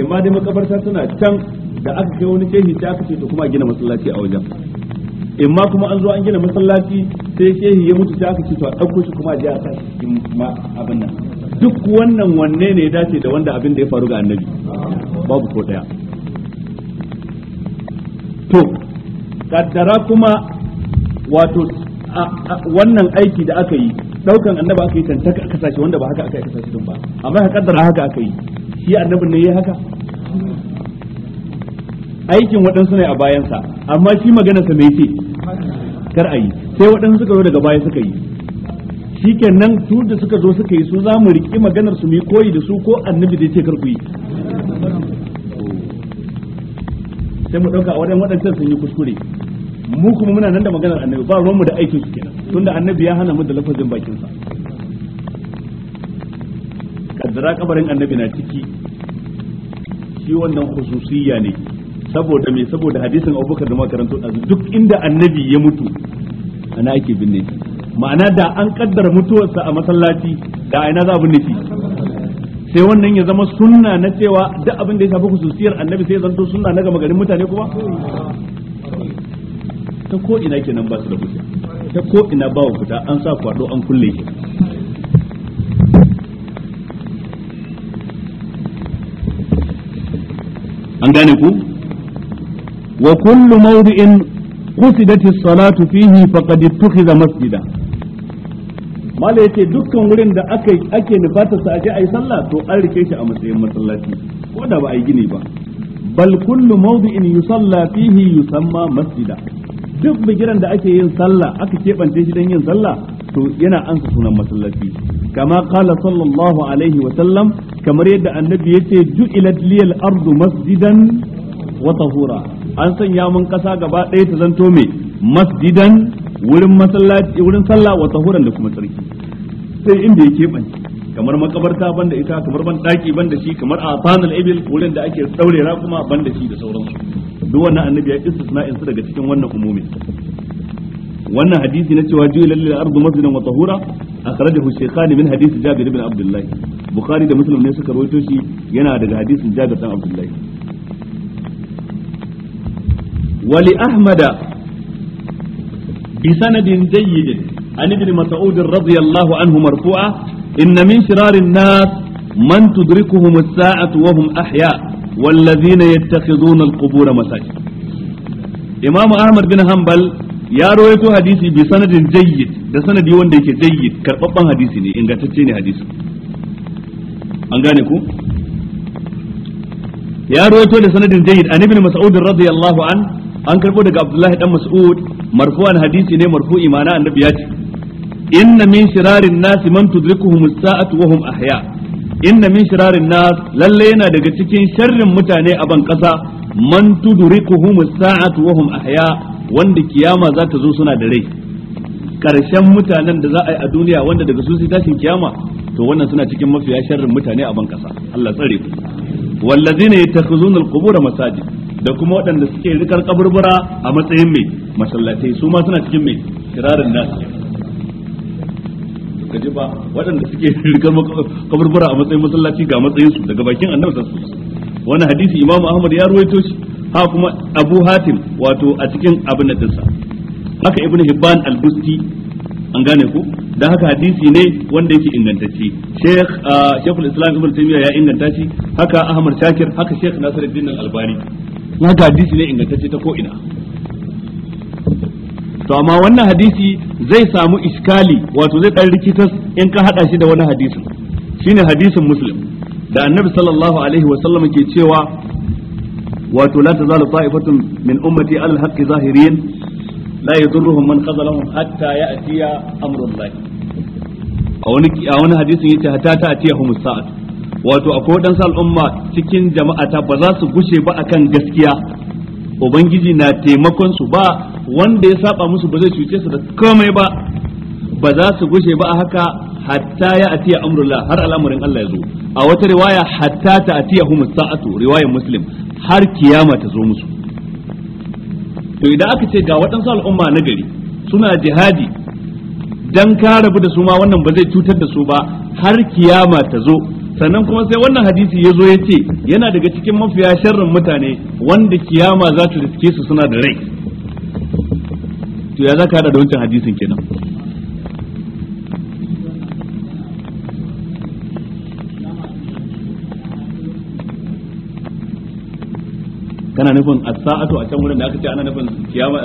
imma dai makabarta tana can da aka kai wani shehi ta aka ce to kuma gina masallaci a wajen Imma kuma an zo an gina masallaci sai shehi ya mutu sai aka ce to a ɗauko shi kuma a je a sa shi cikin abin nan duk wannan wanne ne ya dace da wanda abin da ya faru ga annabi babu ko daya to kaddara kuma wato wannan aiki da aka yi daukan annaba aka yi tantaka aka sashi wanda ba haka aka yi sashi din ba amma ka kaddara haka aka yi shi annabin ne yayi haka aikin waɗansu ne a bayansa amma shi maganarsa mai ce kar a yi sai waɗansu suka zo daga baya suka yi shikenan su da suka zo suka yi su za mu riƙi maganar su mu yi koyi da su ko annabi da ya ce kar ku yi sai mu ɗauka a wajen waɗancan sun yi kuskure mu kuma muna nan da maganar annabi ba ruwanmu da aikin su kenan tunda annabi ya hana mu da lafazin bakinsa kaddara kabarin annabi na ciki shi wannan khususiyya ne saboda me saboda hadisin abubakar da makarantu ɗazu duk inda annabi ya mutu ana ake binne shi ma'ana da an kaddara mutuwarsa a masallaci da aina za a binne shi sai wannan ya zama sunna na cewa duk abin da ya shafi kususiyar annabi sai zanto sunna na gama garin mutane kuma ta ko ina kenan ba su da kusa ta ko ina ba wa fita an sa kwado an kulle shi an gane ku wa kullu mawdi'in qusidat as-salatu fihi faqad ittakhiza masjida mala yace dukkan wurin da aka ake nufatar sa aje ayi sallah to an rike shi a matsayin masallaci ko da ba a yi gini ba bal kullu mawdi'in yusalla fihi yusamma masjida duk bigiran da ake yin sallah aka keɓance shi don yin sallah to yana ansa sunan masallaci kama kala sallallahu alaihi wa sallam kamar yadda annabi yace ju'ilat liyal ardu masjidan wa tahura an sanya mun kasa gaba ɗaya ta zanto mai masjidan wurin masallaci wurin sallah wa tahuran da kuma sarki sai inda yake ban kamar makabarta banda ita kamar ban daki banda shi kamar a fanal ibil wurin da ake daure kuma banda shi da sauransu duk wannan annabi ya istisna'in su daga cikin wannan umumin wannan hadisi na cewa ju'ila lil ardu masjidan wa tahura akhrajahu shaykhan min hadisi jabir ibn abdullah bukhari da muslim ne suka rawaito shi yana daga hadisin jabir ibn abdullah wali ahmada bi sanadin jayyidin an ibn radiyallahu anhu marfu'a inna min shirarin nas man tudrikuhum as-sa'atu wa hum ahya والذين يتخذون القبور مساجد إمام أحمد بن حنبل ya rawaito hadisi bi sanadin jayyid da sanadi wanda yake jayyid karbabban hadisi ne ingantacce ne hadisi an gane ku ya rawaito da sanadin jayyid an ibn radiyallahu an karbo daga abdullahi dan mas'ud marfu'an hadisi ne marfu imana annabi ya ce inna min shirarin nasi man tudrikuhum as-sa'atu wa hum ahya inna min shirarin nas lalle yana daga cikin sharrin mutane a ban kasa man tudrikuhum as-sa'atu wa hum ahya wanda kiyama za ta zo suna da rai karshen mutanen da za a yi a duniya wanda daga su sai tashin kiyama to wannan suna cikin mafiya sharrin mutane a ban kasa Allah tsare ku wallazina yattakhizuna al-qubur masajid da kuma waɗanda suke rikar kaburbura a matsayin mai masallatai su ma suna cikin mai kirarin nas ka ji ba waɗanda suke [LAUGHS] rikar kaburbura a matsayin masallaci ga matsayin su daga bakin annabi sallallahu wani hadisi imamu ahmad ya ruwaito shi ha kuma abu hatim wato a cikin abin da dinsa haka ibn hibban al-busti an gane ku dan haka hadisi ne wanda yake ingantacce sheikh ah, sheikhul islam ibn taymiya ya inganta shi haka ahmad shakir haka sheikh nasiruddin al-albani za hadisi ne ingantacce ta ko'ina. to amma wannan hadisi zai samu iskali wato zai ɗan rikitas in ka haɗa shi da wani hadisin shine hadisin muslim da annabi sallallahu alaihi wa sallam ke cewa wato la tazalu ta'ifatun min ummati alal haqqi zahirin la yadurruhum man khazalahum hatta ya'tiya amrullah a wani a wani hadisin yace hatta ta'tiyahum humus saatu wato akwai waɗansu al'umma cikin jama'ata ba za su gushe ba akan gaskiya ubangiji na taimakon su ba wanda ya saba musu ba zai cuce su da komai ba ba za su gushe ba a haka hatta ya atiya amrullah har al'amarin Allah ya zo a wata riwaya hatta ta atiya humus sa'atu riwayar muslim har kiyama ta zo musu to idan aka ce ga waɗansu al'umma na gari suna jihadi dan ka rabu da su ma wannan ba zai cutar da su ba har kiyama ta zo sannan kuma sai wannan hadisi ya zo ya ce yana daga cikin mafiya sharrin mutane wanda kiyama za ta riske su suna da rai to ya za ka hada da wancan hadisin kenan kana nufin a saatu a can wurin da aka ce ana nufin kiyama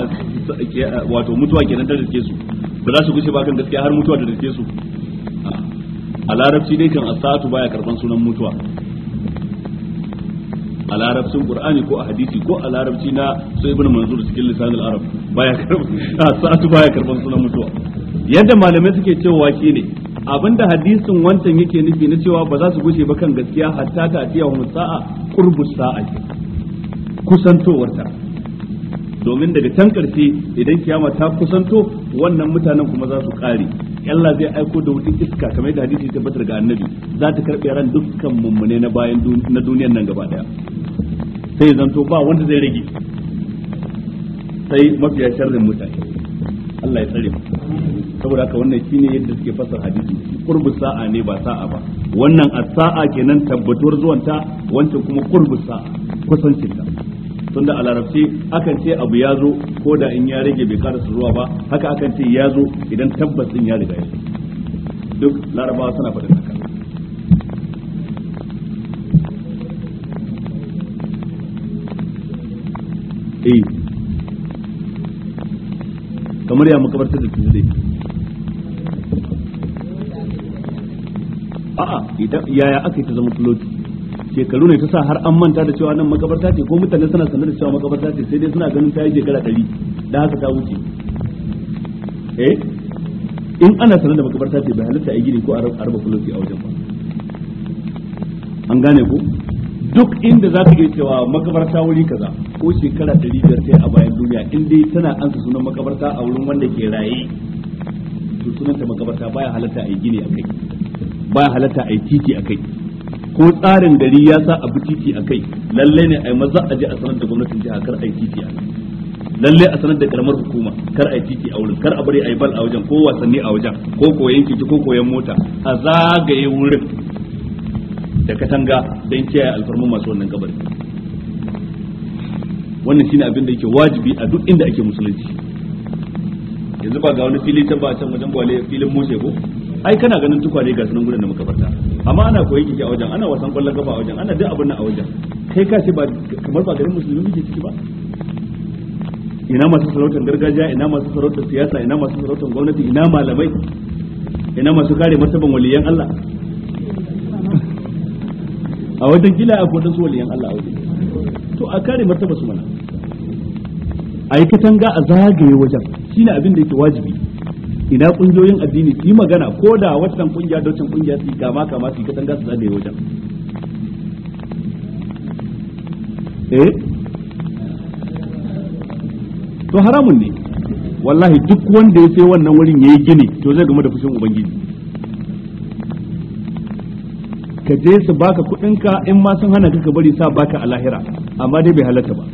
wato mutuwa kenan ta riske su ba za su gushe ba kan gaskiya har mutuwa da riske su a larabci dai kan asatu baya karban sunan mutuwa a larabcin qur'ani ko a hadisi ko a larabci na sai ibn manzur cikin lisan al-arab baya karban [LAUGHS] asatu baya karban sunan mutuwa yadda malamai suke cewa shine abinda hadisin wancan yake nufi na cewa ba za su gushe ba kan gaskiya hatta ta tiya wa sa'a qurbus sa'a kusantowarta domin daga can karfe idan kiyama ta kusanto wannan mutanen kuma za su kare Allah zai aiko da wutin iska kamar da hadisi tabbatar ga annabi za ta karbe ran dukkan mummune na bayan na duniyar nan gaba daya sai zanto ba wanda zai rage sai mafiya sharrin mutane Allah ya tsare mu saboda haka wannan shine yadda suke fasar hadisi qurbus sa'a ne ba sa'a ba wannan as-sa'a kenan tabbatuwar zuwanta wancan kuma qurbus sa'a kusancin tunda a larabci akan ce abu ya zo ko da in ya rage bai karasa zuwa ba haka akan ce ya zo idan tabbas din ya riga ya duk larabawa suna faɗin haka eh kamar ya ta da tunde a'a idan yaya aka yi ta zama tuloti shekaru ne ta sa har an manta da cewa nan makabarta ce ko mutane suna sanar da cewa makabarta ce sai dai suna ganin ta yi shekara ɗari da haka ta wuce eh in ana sanar da makabarta ce bai halitta a gini ko a raba kulofi a wajen ba an gane ko duk inda za ka iya cewa makabarta wuri kaza ko shekara ɗari biyar sai a bayan duniya in dai tana ansa sunan makabarta a wurin wanda ke raye to sunanta makabarta baya halatta a yi gini a kai baya halatta a yi titi a kai ko tsarin gari ya sa abu titi a kai lalle ne a maza a je a sanar da gwamnatin jiha kar a yi titi a lalle a sanar da karamar hukuma kar a yi titi a wurin kar a bari a yi bal a wajen ko wasanni a wajen ko koyan kiki ko koyan mota a zagaye wurin da katanga don kiyaye alfarmar masu wannan gabar wannan shine abin da yake wajibi a duk inda ake musulunci yanzu ba ga wani fili can ba can wajen bwale filin mushe ko ai kana ganin tukwane ga sunan gudun da muka farta amma ana koyi kike a wajen ana wasan kwallon kafa a wajen ana duk abin nan a wajen kai ka ce ba kamar ba garin musulmi kike ciki ba ina masu sarautar gargajiya ina masu sarautar siyasa ina masu sarautar gwamnati ina malamai ina masu kare martaban waliyan Allah a wajen gila a kodin su waliyan Allah a wajen to a kare martaba su mana a yi katanga a zagaye wajen shine abin da yake wajibi ina kungiyoyin addini yi magana ko da wannan kungiya da wancan kungiya su yi kama kama su yi katanga su wajen eh to haramun ne wallahi duk wanda ya sai wannan wurin yayi gini to zai gama da fushin ubangiji ka je su baka kudinka in ma sun hana ka bari sa baka a lahira amma dai bai halatta ba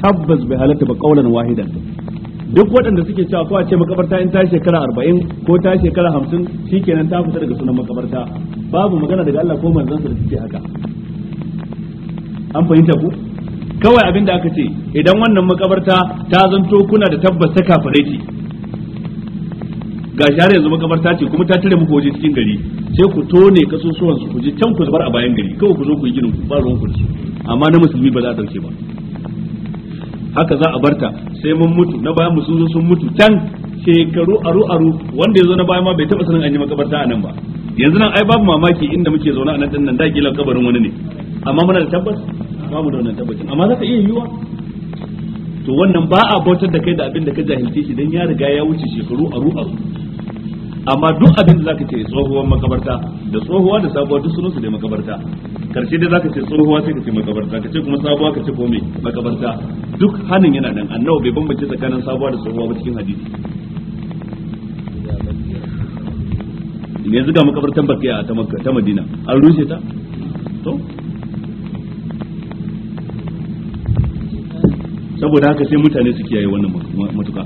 tabbas bai halatta ba kaulan wahidan duk waɗanda suke cewa ko a ce makabarta in ta shekara arba'in ko ta shekara hamsin kenan ta fita daga sunan makabarta babu magana daga Allah ko manzon da suke haka an fahimta ku kawai abin da aka ce idan wannan makabarta ta zanto kuna da tabbas ta kafare ce ga share yanzu makabarta ce kuma ta tare muku waje cikin gari sai ku tone kasusuwansu ku je can ku zubar a bayan gari kawai ku zo ku yi ginin ku ba ruwan ku da amma na musulmi ba za a dauke ba haka za a barta sai mun mutu na bayan mu sun zo sun mutu can shekaru aru aru wanda ya zo na bayan ma bai taba sanin an yi makabarta a nan ba yanzu nan ai babu mamaki inda muke zaune a nan din nan da gila kabarin wani ne amma muna da tabbas ba mu da wannan tabbacin amma za ka iya yiwa to wannan ba a bautar da kai da abin da ka jahilce shi dan ya riga ya wuce shekaru aru aru amma duk abin da zaka ce tsohuwar makabarta da tsohuwa da sabuwa duk sunan su ne makabarta karshe dai zaka ce tsohuwa sai ka ce makabarta ka ce kuma sabuwa ka ce kome makabarta duk hanin yana nan annabi bai bambance tsakanin sabuwa da tsohuwa ba cikin hadisi yanzu ga makabartan bakiya a ta madina an rushe ta to saboda haka sai mutane su kiyaye wannan matuka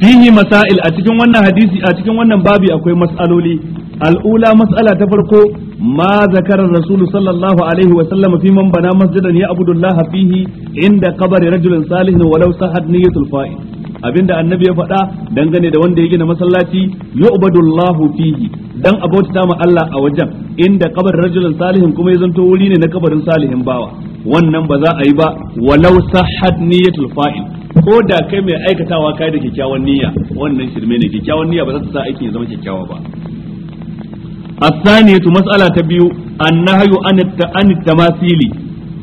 fihi masail a cikin wannan hadisi a cikin wannan babi akwai mas'aloli al'ula mas'ala ta farko ma zakara rasulu sallallahu alaihi wa sallam fi man bana masjidan ya abudullah fihi inda qabri rajulin salihin walau sahad niyyatul fa'il abinda annabi ya faɗa dangane da wanda ya gina masallaci yu'badullahu fihi dan abauta ma Allah a wajen inda kabar rajulin salihin kuma ya zanto wuri ne na kabarin salihin bawa wannan ba za a yi ba walau sahad niyyatul fa'il ko da kai mai aikatawa kai da kyakkyawan niyya wannan shirme ne kyakkyawan niyya ba za ta sa aiki ya zama kyakkyawa ba ta biyu, تبيو النهي عن التماثيل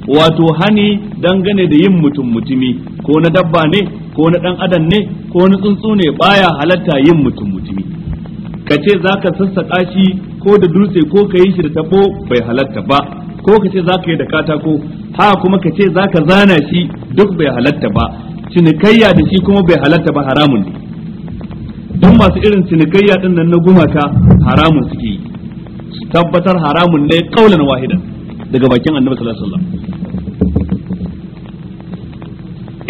wato hani dangane da yin mutum mutumi ko na dabba ne ko na dan adam ne ko na tsuntsu ne baya halatta yin mutum mutumi ka ce za ka sassaƙa shi ko da dutse ko ka yi shi da tabo bai halatta ba ko ka ce za ka yi da katako ha kuma ka ce za ka zana shi duk bai halatta ba cinikayya da shi kuma bai halatta ba haramun ne don masu irin cinikayya din nan na gumaka haramun suke yi su tabbatar haramun ne kaulan wahidan daga bakin annabi sallallahu alaihi wasallam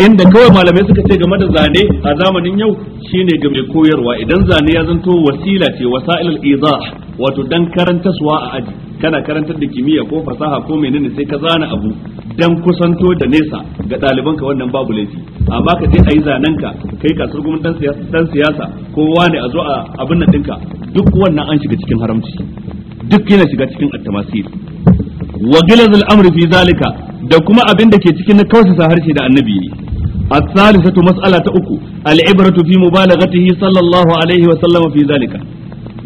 inda kawai malamai suka ce game da zane a zamanin yau shine ga mai koyarwa idan zane ya zanto wasila ce wasa'il al wato dan karantaswa a aji kana karantar da kimiyya ko fasaha ko menene sai ka zana abu dan kusanto da nesa ga ɗalibanka wannan babu laifi amma ka je a yi zanenka kai kasar gumin dan siyasa kowa ne a zo a abin nan ɗinka duk wannan an shiga cikin haramci duk yana shiga cikin attamasir wa gilazul amri fi zalika da kuma abin da ke cikin na kausasa harshe da annabi الثالثة مسألة أكو العبرة في مبالغته صلى الله عليه وسلم في zalika.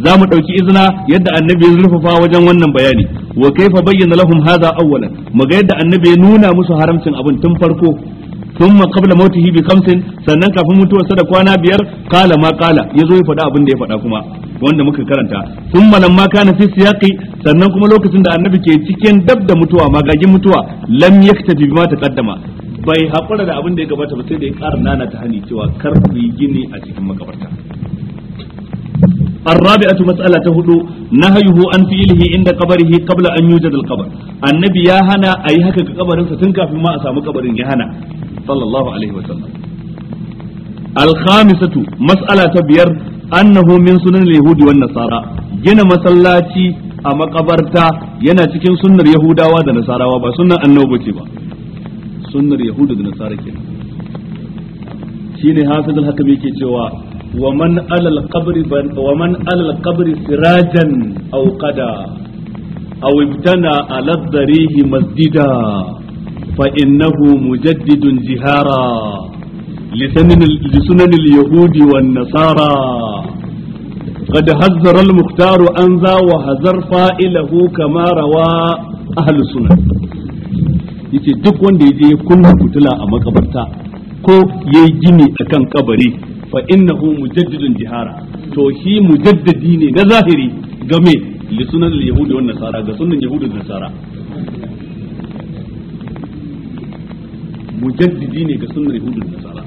za mu ɗauki izina yadda annabi ya zurfafa wajen wannan bayani wa kaifa bayyana lahum haza awwalan maga yadda annabi ya nuna musu haramcin abin tun farko ثم قبل موته بخمس sannan kafin mutuwarsa da kwana biyar kala ma kala yazo ya faɗa abin da ya faɗa kuma wanda muka karanta thumma lamma kana fi siyaqi sannan kuma lokacin da annabi ke cikin dab da mutuwa magagin mutuwa lam ma ta kaddama bai haƙura da abin da ya gabata ba sai da ya ƙara nana ta hani cewa kar ku yi gini a cikin makabarta الرابعة مسألة هدو نهيه عن فعله عند قبره قبل أن يوجد القبر النبي يا هنا أي هكا قبر ستنكا في ما أسام قبر يا هنا صلى الله عليه وسلم الخامسة مسألة بير أنه من سنن اليهود والنصارى جن مسلاتي a makabarta yana cikin sunnar yahudawa da nasarawa ba sunnar annoba ce ba sunnar yahudu da nasara kenan shine hasidul hakami yake cewa wa man alal qabri sirajan aw qada aw ibtana ala masjida fa mujaddidun jihara لسنن اليهود والنصارى قد هزر المختار أنذا وهزر فائله كما روى أهل السنة yace duk wanda ya je kunna fitila a makabarta ko ya yi gini a kan ƙabari? fa innahu mujaddidun jihara to shi mujaddadi ne na zahiri game li sunan al-yahudi wan nasara ga sunan yahudi da nasara mujaddidi ne ga sunan yahudi da nasara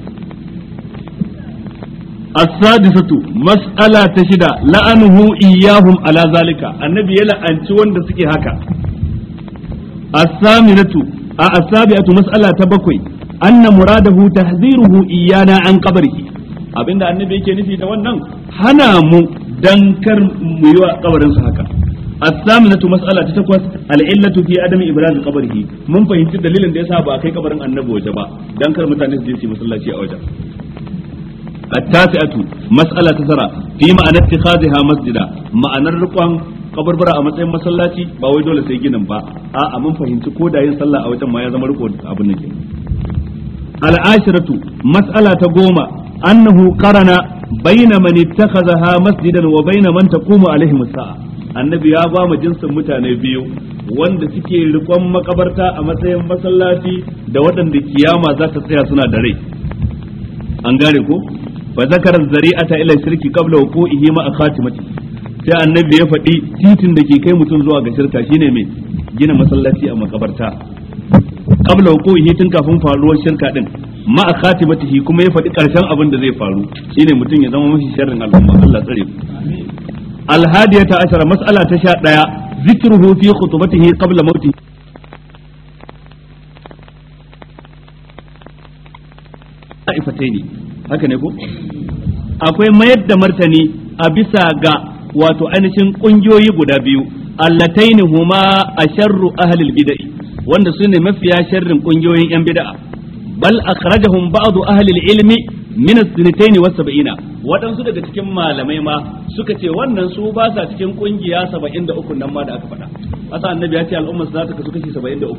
as-sadisatu mas'ala ta shida la'anuhu iyyahum ala zalika annabi ya la'anci wanda suke haka as-saminatu a as-sabi'atu mas'ala ta bakwai anna muradahu tahziruhu iyana an qabrihi abinda annabi yake nufi da wannan hana mu dankar mu yi wa kabarin su haka as-saminatu mas'ala ta takwas al-illatu fi adami ibrahim qabrihi mun fahimci dalilin da yasa ba kai kabarin annabi waje ba dankar mutane su je su masallaci a wajen التاسعة ta ترى fi ma'ana ittikhadha masjida ma'anar الرقم kabarbara a matsayin masallaci ba wai dole sai ginin ba a'a mun fahimci ko da yin sallah a wajen ma ya zama riko abin nan kenan al'ashiratu mas'ala ta goma annahu qarana baina man ittakhadha masjidan wa baina man taqumu alaihi annabi ya ba mu jinsin mutane biyu wanda suke rikon makabarta a matsayin masallaci da waɗanda kiyama za ta tsaya suna da rai an gane ko fa zakar zari'ata ila shirki qabla qu'ihi ma khatimati sai annabi ya faɗi titin da ke kai mutum zuwa ga shirka shine mai gina masallaci a makabarta qabla wuqu'ihi tun kafin faruwar shirka din ma a khatibatihi kuma ya faɗi karshen abin da zai faru shine mutum ya zama mafi sharrin al'umma Allah tsare ku ta ashara mas'ala ta sha daya zikruhu fi khutbatihi qabla mautihi ta'ifataini haka ne ko akwai mayar da martani a bisa ga wato ainihin kungiyoyi guda biyu allataini huma asharru ahlil bid'ah wanda su ne mafiya sharrin kungiyoyin yan bid'a bal akhrajahum ba'd ahli al-ilmi min as-sinatayn wa sab'ina wadansu daga cikin malamai ma suka ce wannan su ba sa cikin kungiya 73 nan ma da aka faɗa asa annabi ya ce al'ummar za ta kasu kashi 73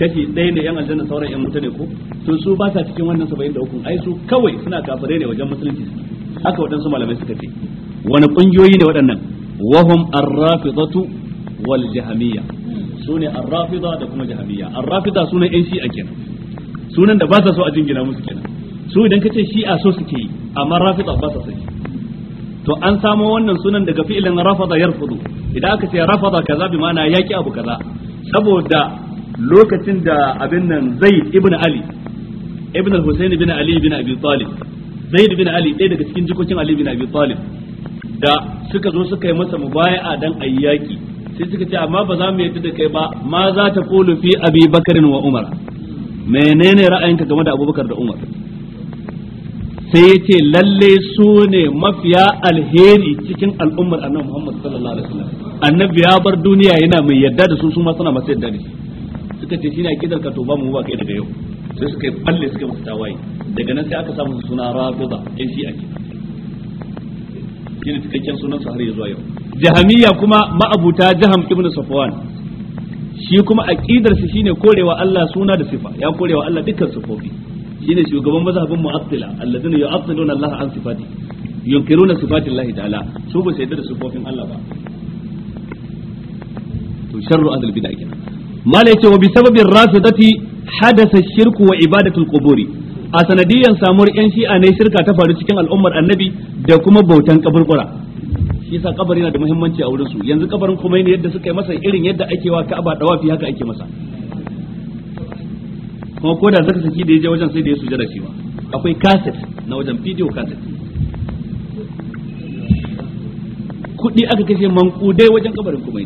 kashi ɗaya ne yan aljanna sauran yan mutane ko to su ba sa cikin wannan 73 ai su kawai suna kafare ne wajen musulunci haka wadansu malamai suka ce wani kungiyoyi ne waɗannan wahum ar-rafidatu wal jahmiyya sune ar-rafida da kuma jahmiya ar-rafida sunan yan shi'a kenan sunan da ba sa so a jingina musu kenan su idan kace shi'a so suke yi amma rafida ba sa so to an samo wannan sunan daga fi'ilin rafada yarfudu idan aka ce rafada kaza bi ma'ana yaki abu kaza saboda lokacin da abin nan Zaid ibn Ali ibn al-Husayn ibn Ali ibn Abi Talib Zaid ibn Ali ɗaya daga cikin jikokin Ali ibn Abi Talib da suka zo suka yi masa mubaya'a dan ayyaki sai suka ce amma ba za mu yadda da kai ba ma za ta kulu fi abi bakarin wa umar menene ra'ayinka game da abubakar da umar sai ya ce lalle su ne mafiya alheri cikin al'ummar annabi muhammad sallallahu alaihi wasallam annabi ya bar duniya yana mai yadda da su su ma suna da shi suka ce shine akidar ka to ba mu ba kai daga yau sai suka yi balle suka masa tawaye daga nan sai aka samu suna rafida yan shi shine cikakken sunan su har ya zuwa yau jahamiya kuma ma'abuta jaham ibn safwan shi kuma aqidar shi shine korewa Allah suna da sifa ya korewa Allah dukkan sifofi shine shugaban mazhabin mu'attila alladhina yu'attiluna Allah an sifati yunkiruna sifati Allah ta'ala su ba su yarda da sifofin Allah ba to sharru ahlul bid'ah kenan mala yace wa bi sababin rafidati hadasa shirku wa ibadatul quburi a sanadiyan samuwar yan shi'a ne shirka ta faru cikin al'ummar annabi da kuma bautan kaburbura shi yasa kabari yana da muhimmanci a wurin su yanzu kabarin kuma yadda suka yi masa irin yadda ake wa Ka'aba dawafi haka ake masa kuma ko da zaka saki da yaje wajen sai da ya jira shi ma akwai cassette na wajen video cassette kudi aka kashe mankudai wajen kabarin kuma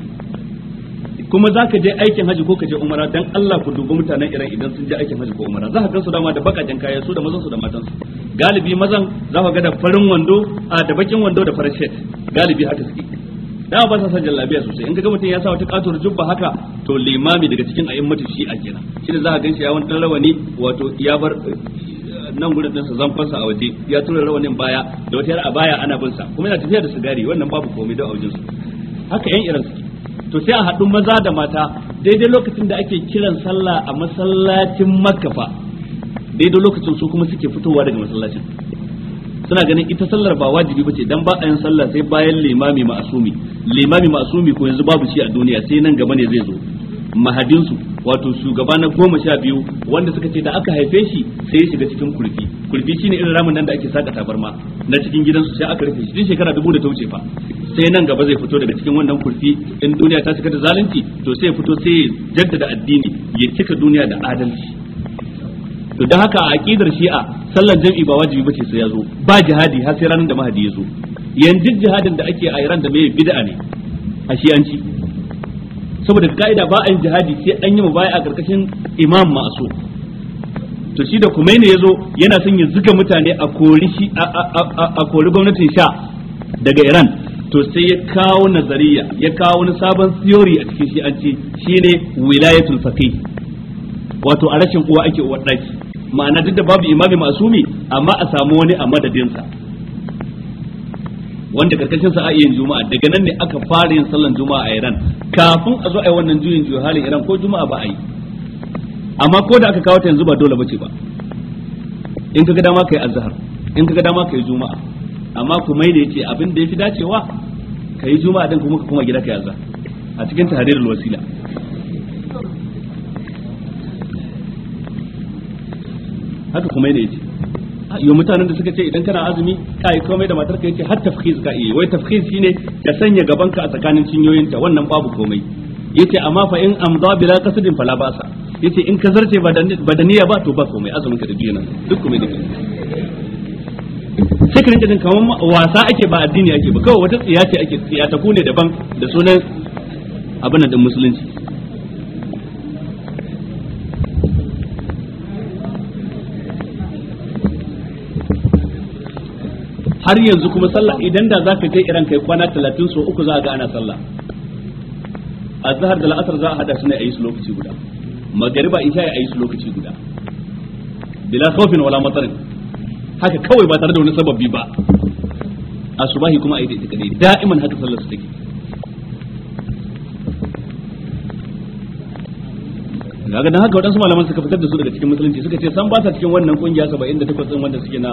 kuma za ka je aikin haji ko ka je umara dan Allah ku dubi mutanen Iran idan sun je aikin haji ko umara za ka gansu dama da bakajen kaya su da mazan su da matan su galibi mazan za ka ga da farin wando a da bakin wando da farin shirt galibi haka suke da ba sa san jallabiya sosai in ka ga mutum ya sa wata katuwar jubba haka to limami daga cikin a'immatu shi a kenan shi da za ka ganshi ya wani dan rawani wato ya bar eh, nan gurin din sa zamfan a waje ya tura rawanin baya da wata yar a baya ana bin sa kuma yana tafiya da sigari wannan babu komai da aujin su haka yan irin su to sai a haɗu maza da mata daidai lokacin da ake kiran sallah a masallacin makka fa daidai lokacin su kuma suke fitowa daga masallacin suna ganin ita sallar ba wajibi bace dan ba a yin sallah sai bayan limami ma'asumi limami ma'asumi ko yanzu babu shi a duniya sai nan gaba ne zai zo mahadinsu wato shugaba na goma sha biyu wanda suka ce da aka haife shi sai ya shiga cikin kurfi kurfi shine irin ramin nan da ake saka tabarma na cikin gidansu sai aka rufe shi din shekara dubu da ta wuce fa sai nan gaba zai fito daga cikin wannan kurfi in duniya ta shiga da zalunci to sai ya fito sai ya jaddada addini ya cika duniya da adalci to dan haka a aqidar shi'a sallar jam'i ba wajibi bace sai ya zo ba jihadi har sai ranar da mahadi ya zo yanzu jihadin da ake a Iran da mai bid'a ne a shi'anci saboda ka'ida ba a yin jihadi sai an yi mubaya a karkashin imam masu to shi da kuma ya zo yana son ya zuga mutane a kori shi a kori gwamnatin sha daga Iran to sai ya kawo nazariya ya kawo wani sabon theory a cikin shi'anci shine wilayatul faqih wato a rashin uwa ake uwar daki ma'ana duk da babu imami masumi amma a samu wani a madadinsa wanda karkashin sa'a yin juma'a daga nan ne aka fara yin sallan juma'a a Iran kafin a zo a yi wannan juyin juya halin Iran ko juma'a ba a yi amma ko da aka kawo ta yanzu ba dole bace ba in ka ga dama kai azhar in ka ga dama kai juma'a amma kuma ne ce abin da yafi dacewa kai juma'a din kuma ka kuma gida kai azhar a cikin tahrirul wasila haka kuma yana yace yau mutanen da suka ce idan kana azumi ka yi komai da matarka yace har tafkhiz ka yi wai tafkhiz shine ka sanya gabanka a tsakanin cinyoyinta wannan babu komai yace amma fa in amza bila qasdin fala basa yace in ka zarce ba ba to ba komai azumin ka da biyu nan duk komai da sai ka rinka jin kamar wasa ake ba addini ake ba kawai wata tsiya ce ake tsiya ta kune daban da sunan abin da musulunci har yanzu kuma sallah idan da zaka je Iran kai kwana 30 so uku za ga ana sallah azhar da la'asar za a hada su ne a yi su lokaci guda magariba isha a yi su lokaci guda bila khawfin wala matarin haka kawai ba tare da wani sababi ba asubahi kuma a yi da ita da'iman haka sallar su take kaga dan haka wadansu malaman suka fitar da su daga cikin musulunci suka ce san ba sa cikin wannan kungiya 78 din wanda suke na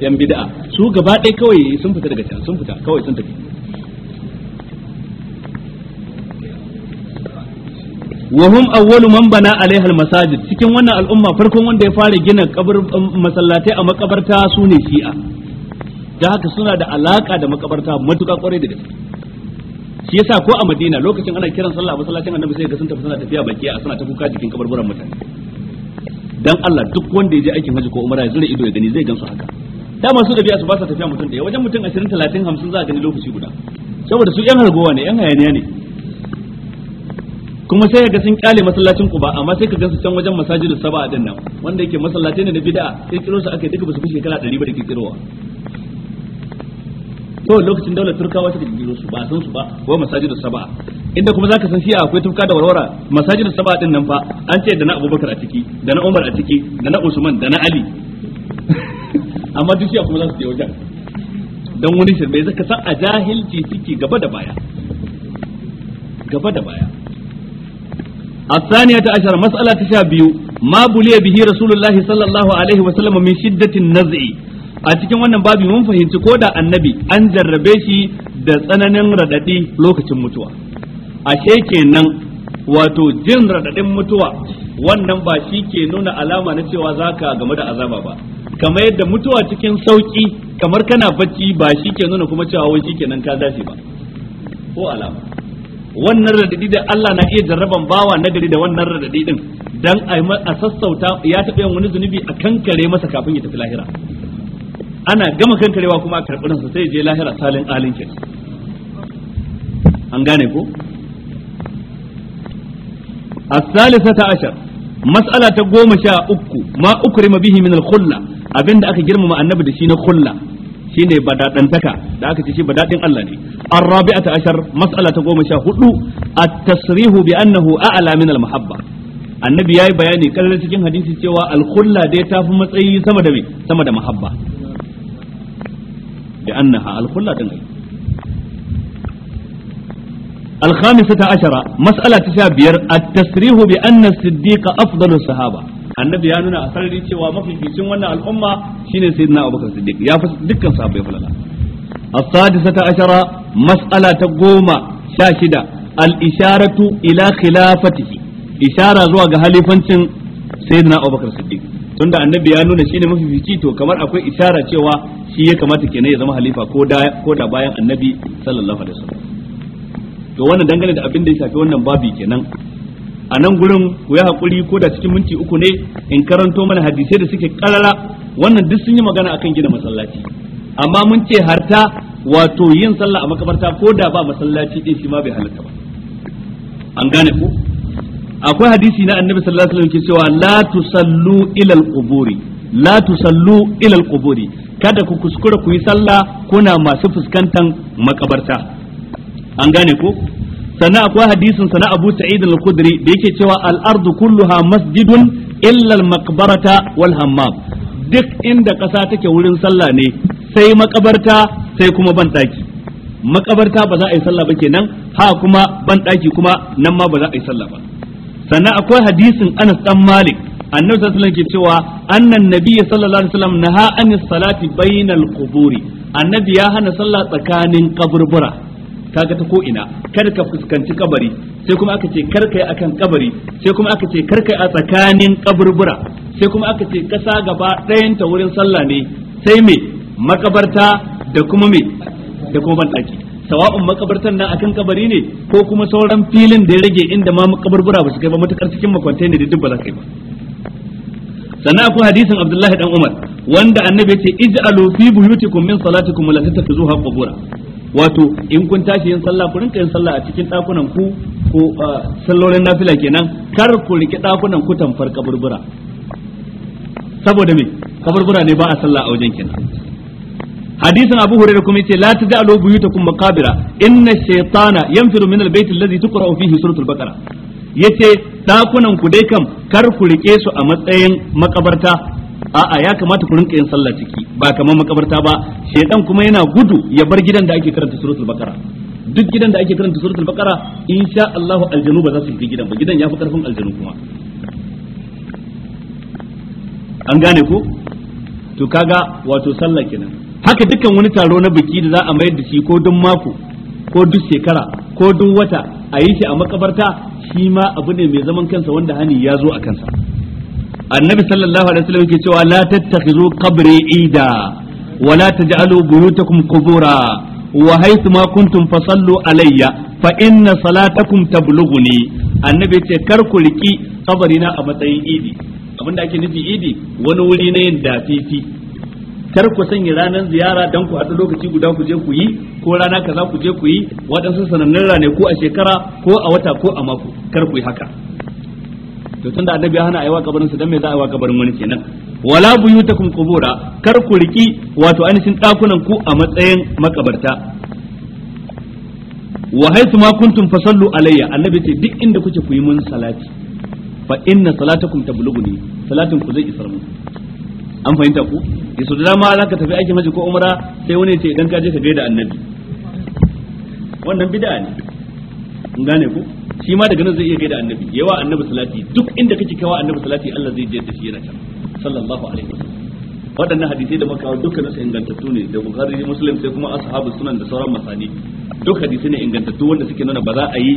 yan bid'a su gaba ɗaya kawai sun fita daga can sun fita kawai sun tafi wa hum awwalu man bana alaiha almasajid cikin wannan al'umma farkon wanda ya fara gina kabar um, masallatai a makabarta sune shi'a dan haka suna da alaka da makabarta matuƙa kwarai da gaske shi yasa ko a Madina lokacin ana kiran sallah a masallacin Annabi sai ga sun tafi suna tafiya baki a suna ta kuka jikin kaburburan mutane dan Allah duk wanda ya je aikin haji ko umara ya zura ido ya gani zai gansu haka da masu biya su ba su tafiya mutum da wajen mutum 20 30 50 za a gani lokaci guda saboda su yan hargowa ne yan hayaniya ne kuma sai ga sun kyale masallacin ba amma sai ka gansu can wajen masajidus saba din nan wanda yake masallaci ne na bid'a sai kiro su aka duka ba su kushe kala 100 ba da kirowa kawai lokacin daular turkawa suka kirkiro su ba san su ba wa da sab'a inda kuma zaka san shi'a akwai tufka da warwara da sab'a din nan fa an ce da na Abubakar a ciki da na Umar a ciki da na Usman da na Ali [LAUGHS] amma duk shi'a kuma za su je wajen dan wani shirme zaka san a jahilci ciki gaba da baya gaba da baya الثانية عشر مسألة شابيو ما بلي به رسول الله صلى الله عليه وسلم من شدة النزع a cikin wannan babi mun fahimci ko da annabi an jarrabe shi da tsananin radadi lokacin mutuwa ashe kenan wato jin radadin mutuwa wannan ba shi ke nuna alama na cewa ka game da azaba ba kamar yadda mutuwa cikin sauki kamar kana bacci ba shi ke nuna kuma cewa wai shikenan ka dace ba ko alama wannan radadi da Allah na iya jarraban bawa nagari da wannan radadi din dan a sassauta ya taɓa yin wani zunubi a kankare masa kafin ya tafi lahira ana gama kankarewa kuma karɓi nasa sai je lahira salin alin ke an gane ko asalisa ta ashar mas'ala ta goma sha uku ma uku rima bihi da al-khulla abinda aka girmama annabi da shi na khulla shine badadantaka da aka ce shi daɗin Allah ne ar Rabi'a ashar mas'ala ta goma sha hudu a tasrihu bi annahu a'la min al-mahabba annabi yayi bayani kallon cikin hadisi cewa al-khulla dai fi matsayi sama da sama da mahabba da annaha al الخامسة عشرة مسألة تشابير التصريح بأن الصديق أفضل الصحابة annabi ya nuna a cewa mafificin wannan al'umma shine sayyidina abubakar siddiq ya fi dukkan sahabbai falala as-sadisata mas'ala ta goma sha shida al-isharatu ila khilafatihi ishara zuwa ga halifancin tunda annabi ya nuna shine mafifici to kamar akwai isara cewa shi ya kamata kenan ya zama halifa ko da ko da bayan annabi sallallahu alaihi wasallam to wannan dangane da abin da ya shafi wannan babi kenan a nan gurin ku yi hakuri ko da cikin minti uku ne in karanto mana hadisai da suke karara wannan duk sun yi magana akan gina masallaci amma mun ce harta wato yin sallah a makabarta ko da ba masallaci din shi ma bai halatta ba an gane ku akwai hadisi na annabi sallallahu alaihi wasallam ke cewa la tusallu ilal quburi la tusallu ilal quburi kada ku kuskura ku yi sallah kuna masu fuskantan makabarta an gane ko sannan akwai hadisin sana Abu Sa'id al-Khudri da yake cewa al-ardu kulluha masjidun illa al-maqbarata wal hammam duk inda ƙasa take wurin sallah ne sai makabarta sai kuma ban makabarta ba za a yi sallah ba kenan ha kuma ban kuma nan ma ba za a yi sallah ba sannan akwai hadisin Anas dan Malik annabi sallallahu alaihi wasallam ke cewa annan nabiyyi sallallahu alaihi wasallam naha anis salati bainal quburi annabi ya hana sallah tsakanin kaburbura kaga ta ko ina kada ka fuskanci kabari sai kuma aka ce karka yi akan kabari sai kuma aka ce karka yi a tsakanin kaburbura sai kuma aka ce kasa gaba ɗayan ta wurin sallah ne sai me makabarta da kuma me da kuma ban sawa'un makabartan nan akan kabari ne ko kuma sauran filin da ya rage inda ma makabarbura ba su kai ba matukar cikin makwantai ne da duk ba za yi ba sannan akwai hadisin abdullahi dan umar wanda annabi ya ce ij'alu fi buyutikum min salatikum la tattakhuzuha qubura wato in kun tashi yin sallah ku rinka yin sallah a cikin dakunan ku ko sallolin nafila kenan kar ku rike dakunan ku tamfar kaburbura saboda me kaburbura ne ba a sallah a wajen kenan Hadisan abu hurairah kuma yace la taj'alu buyutakum makabira. inna ash-shaytana yanfiru min al-bayt alladhi tuqra'u fihi suratul baqara yace dakunan ku dai kam kar ku rike su a matsayin makabarta a'a ya kamata ku rinka yin sallah ciki ba kamar makabarta ba shedan kuma yana gudu ya bar gidan da ake karanta suratul baqara duk gidan da ake karanta suratul baqara insha Allah aljanu ba za su fi gidan ba gidan ya fi karfin aljanu kuma an gane ku? to kaga wato sallah kenan haka dukkan wani taro na biki da za a mayar da shi ko duk mako ko duk shekara ko duk wata a yi shi a makabarta shi ma abu ne mai zaman kansa wanda hani ya zo a kansa annabi sallallahu alaihi wasallam ke cewa la tattakhizu qabri ida wa la taj'alu buyutakum qubura wa haythu ma kuntum fasallu alayya fa inna salatakum tablughuni annabi ce kar ku riki kabarina a matsayin idi abinda ake nufi idi wani wuri na yin dafifi kar ku sanya ranar ziyara dan ku haɗu lokaci guda ku je ku yi ko rana kaza ku je ku yi waɗansu sanannun rane ko a shekara ko a wata ko a mako kar ku yi haka to tunda annabi ya hana aiwa kabarin su dan me za a yi wa kabarin wani kenan wala buyutakum qubura kar ku riki wato ainihin dakunan ku a matsayin makabarta wa haythu ma kuntum fasallu alayya annabi ce duk inda kuke ku yi mun salati fa inna salatakum tablughuni salatin ku zai isar mu an fahimta ku ya eh, so da dama za ka tafi aikin hajji ko umara sai wani ce idan ka je ka gaida annabi wannan bid'a ne in gane ku shi ma daga nan zai iya gaida annabi yawa annabi salati duk inda kake kawo annabi salati Allah zai je da shi yana can sallallahu alaihi wasallam waɗannan hadisai da makawa dukkan su ingantattu ne da bukhari muslim sai kuma ashabu sunan da sauran masani duk hadisai ne ingantattu wanda suke nuna ba za a yi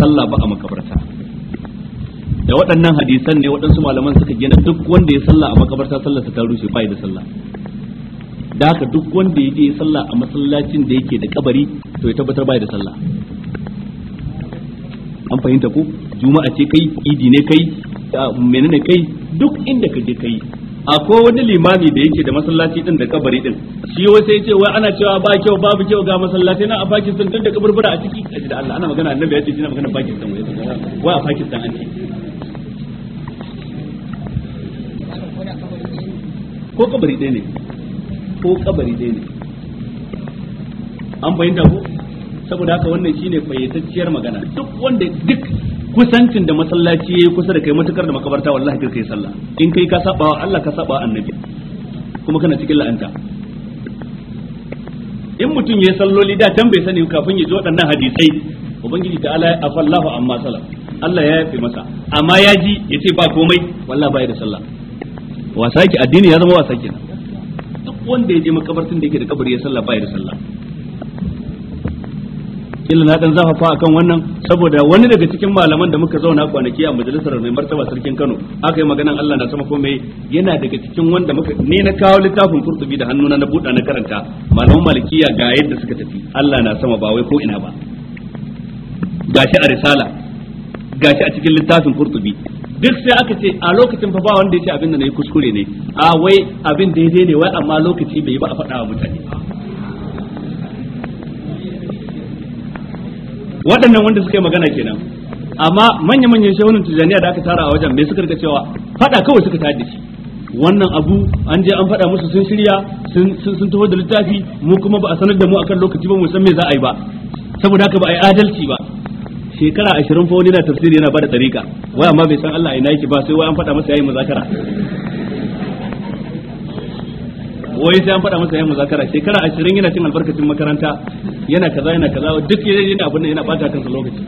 sallah ba a makabarta da waɗannan hadisan ne waɗansu malaman suka gina duk wanda ya sallah a makabarta sallar ta rushe bai da sallah da haka duk wanda ya je sallah a masallacin da yake da kabari to ya tabbatar bai da sallah an fahimta ko juma'a ce kai idi ne kai menene kai duk inda ka je kai akwai wani limami da yake da masallaci din da kabari din shi wai sai ce wai ana cewa ba kyau babu kyau ga masallaci na a Pakistan tun da kaburbura a ciki kaji da Allah ana magana annabi ya ce ina magana Pakistan wai wai a Pakistan an ce ko kabari dai ne ko kabari dai ne an bayyana ko saboda haka wannan shine fayyatacciyar magana duk wanda duk kusancin da masallaci yayi kusa da kai matukar da makabarta wallahi kai sallah in kai ka saba wa Allah ka saba annabi kuma kana cikin la'anta in mutum yayi salloli da tambaye bai sani kafin ya ji waɗannan hadisai ubangiji ta ala afallahu amma sala. Allah ya yafe masa amma ya ji ya ce ba komai wallahi bai da sallah wasaki addini ya zama wasaki duk wanda ya je makabartin da yake da kabari ya sallah bai da sallah kila na dan zafafa akan wannan saboda wani daga cikin malaman da muka zauna kwanaki a majalisar mai martaba sarkin Kano aka yi maganan Allah na sama ko mai yana daga cikin wanda muka ne na kawo littafin Qurtubi da hannuna na buɗa na karanta malaman malikiya ga yadda suka tafi Allah na sama ba wai ko ina ba gashi a risala gashi a cikin littafin Qurtubi duk sai aka ce a lokacin fa ba wanda ya ce abin da nayi yi kuskure ne a wai abin daidai ne wai amma lokaci bai yi ba a faɗa wa mutane waɗannan wanda suka yi magana kenan amma manya-manyan shehunan tijaniya da aka tara a wajen mai suka rika cewa faɗa kawai suka tada shi wannan abu an je an faɗa musu sun shirya sun taho da littafi mu kuma ba a sanar da mu akan lokaci ba mu san me za a yi ba saboda haka ba a yi adalci ba shekara ashirin fa wani na tafsiri yana bada tsarika wai amma bai san Allah ina yake ba sai wai an faɗa masa yayi muzakara wai sai an faɗa masa yayin muzakara shekara ashirin yana cin albarkacin makaranta yana kaza yana kaza duk yana abin da yana bata kansa lokaci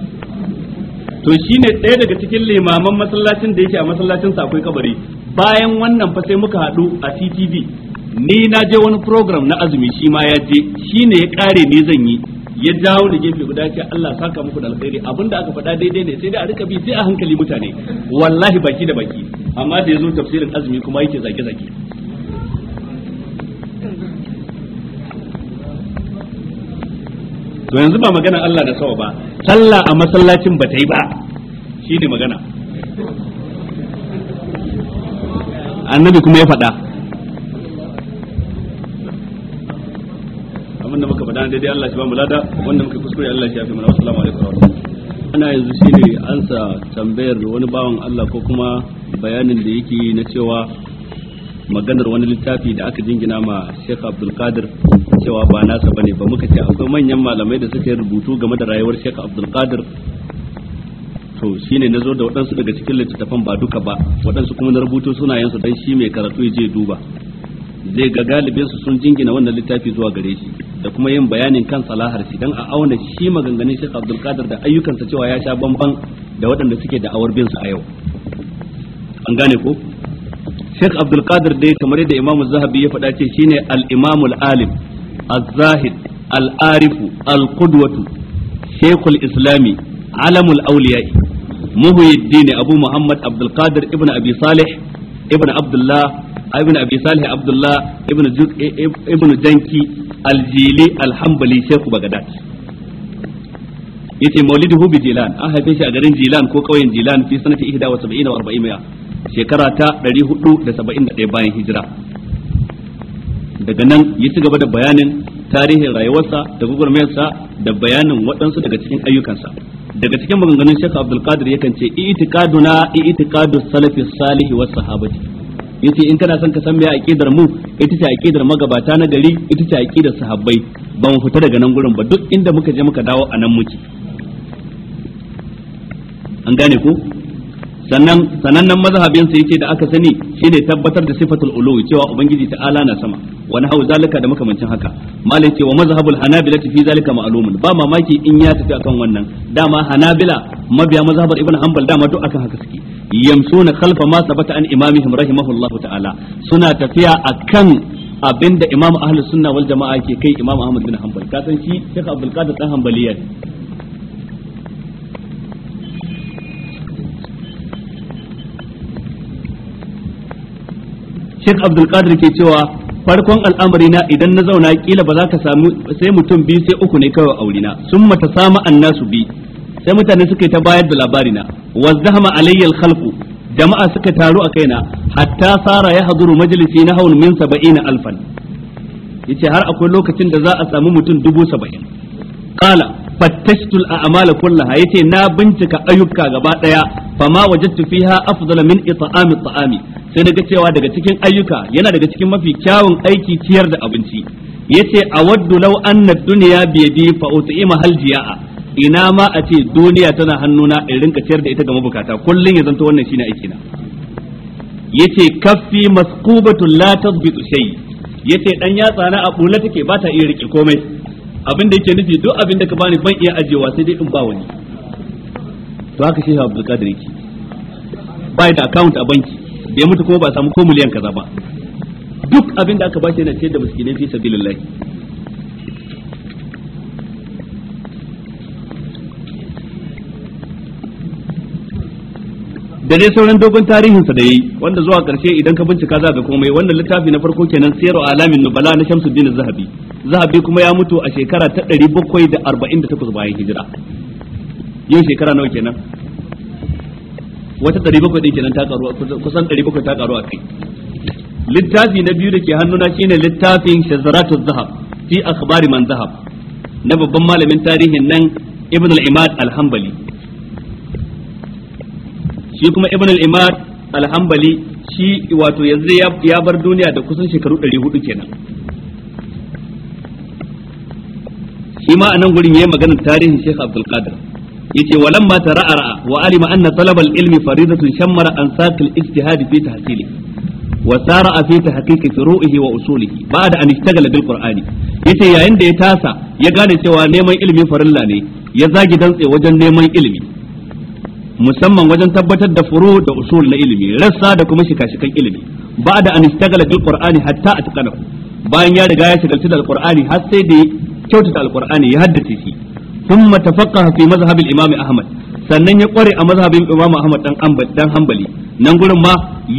to shine ɗaya daga cikin limaman masallacin da yake a masallacin sa akwai kabari bayan wannan fa sai muka haɗu a CTV ni na je wani program na azumi shi ma ya je shi ne ya kare ni zan yi ya dawo da gefe guda ce Allah saka muku da alkhairi abinda aka faɗa daidai ne sai dai a rika bi sai a hankali mutane wallahi baki da baki amma da ya zo tafsirin azumi kuma yake zage zage to yanzu ba magana Allah da sawa ba sallah a masallacin ba ta yi ba shi ne magana annabi kuma ya faɗa abinda muka faɗa daidai Allah shi ba mu lada wanda muka kuskure Allah shi ya fi mana assalamu alaikum warahmatullahi ana yanzu shi ne ansa tambayar wani bawan Allah ko kuma bayanin da yake na cewa maganar wani littafi da aka jingina ma Sheikh Abdul Qadir cewa ba nasa bane ba muka ce akwai manyan malamai da suka yi rubutu game da rayuwar Sheikh Abdul Qadir to shine nazo da waɗansu daga cikin littattafan ba duka ba waɗansu kuma na rubuto sunayensu don shi mai karatu ya je duba zai ga galibin su sun jingina wannan littafi zuwa gare shi da kuma yin bayanin kan salahar shi dan a auna shi maganganun Sheikh Abdul Qadir da ayyukansa cewa ya sha bamban da waɗanda suke da awar bin su a yau an gane ko Sheikh Abdul Qadir dai kamar yadda Imam Zahabi ya faɗa ce shine al-Imam al-Alim الزاهد العارف القدوة شيخ الإسلام علم الأولياء مهي الدين أبو محمد عبد القادر ابن أبي صالح ابن عبد الله ابن أبي صالح عبد الله ابن ابن جنكي الجيلي الحنبلي شيخ بغداد yace mauliduhu bi jilan an haife shi a garin jilan ko kauyen jilan fi sanati 71 wa 400 shekara ta 471 bayan hijira daga nan ya ci gaba da bayanin tarihin rayuwarsa da gugurmayarsa da bayanin waɗansu daga cikin ayyukansa daga cikin maganganun Sheikh Abdul Qadir yakan ce i'tiqaduna i'tiqadu salafi wasu was sahabati yace in kana son ka san me aqidar mu ita ce aqidar magabata na gari ita ce aqidar sahabbai ba mu fita daga nan gurin ba duk inda muka je muka dawo a nan muke an gane ko sannan sanannen mazhabin ya yace da aka sani shine tabbatar da sifatul uluwi cewa ubangiji ta'ala na sama wani hau zalika da makamancin haka malai ce wa mazhabul hanabila fi zalika ma'lumun ba mamaki in ya tafi akan wannan dama hanabila mabiya mazhabar ibn hanbal dama duk akan haka suke yamsuna khalfa ma sabata an imamihim rahimahullahu ta'ala suna tafiya akan abinda imam ahlus sunna wal jama'a ke kai imam ahmad bin hanbal ka san shi sheikh abdul qadir dan hanbaliya Sheikh Abdul Qadir ke cewa farkon al'amari na idan na zauna kila ba za ka samu sai mutum biyu sai uku ne kawai aure na sun mata sama annasu bi sai mutane suka ta bayar da labari na wazdahama alayyal al-khalqu jama'a suka taru a kaina hatta sara ya haduru majalisi na hawan min saba'in alfan yace har akwai lokacin da za a samu mutum dubu saba'in qala fattashtu al-a'mala kullaha yace na bincika ayyuka gaba daya fama wajadtu tufiha afdala min it'ami ta'ami ga cewa daga cikin ayyuka yana daga cikin mafi kyawun aiki ciyar da abinci yace a law anna duniya dunya bi yadi fa ut'ima hal jiya'a ina ma a ce duniya tana hannuna in rinka ciyar da ita ga mabukata Kullum ya zanto wannan shine aikina yace kaffi masqubatun la tadbitu shay yace ɗan yatsa na a bula take ba iya rike komai abin da yake nufi duk abin da ka bani ban iya ajiyewa sai dai in ba wani to haka shi abdul Qadir yake bai da account a banki bai mutu kuma ba samu ko miliyan kaza ba duk abin da aka bashi yana ciyar da miskinai fi sabilillahi da dai sauran dogon tarihinsa da yi wanda zuwa karshe idan ka bincika za ka komai wannan littafi na farko kenan sayarwa alamin nubala na Shamsuddin Zahabi Zahabi kuma ya mutu a shekara ta 748 bayan hijira yau shekara nawa kenan wata 700 din kenan ta karu kusan 700 ta karu a kai littafi na biyu da ke hannuna shine littafin Shazaratu Zahab fi akhbari man zahab na babban malamin tarihin nan Ibn al-Imad al-Hanbali shi kuma ibn al-imar al-hanbali shi wato yanzu ya bar duniya da kusan shekaru 400 kenan shi ma anan gurin yayi magana tarihin Sheikh Abdul Qadir yace raa tara'ara wa alima anna talab al-ilmi faridatun shammara an saqil ijtihad fi tahsili wa sara'a fi tahqiqi furu'ihi wa usulihi ba'da an ishtagala bil qur'ani yace yayin da ya tasa ya gane cewa neman ilimi farilla ne ya zagi dantse wajen neman ilimi musamman wajen tabbatar da furu da usul na ilimi rassa da kuma shika-shikan ilimi ba da an istagala bil qur'ani hatta atqana bayan ya riga ya shigalci da alqur'ani har sai da kyautata alqur'ani ya haddace shi thumma tafaqqaha fi mazhab al-imam ahmad sannan ya kware a mazhabin imam ahmad dan dan hanbali nan gurin ma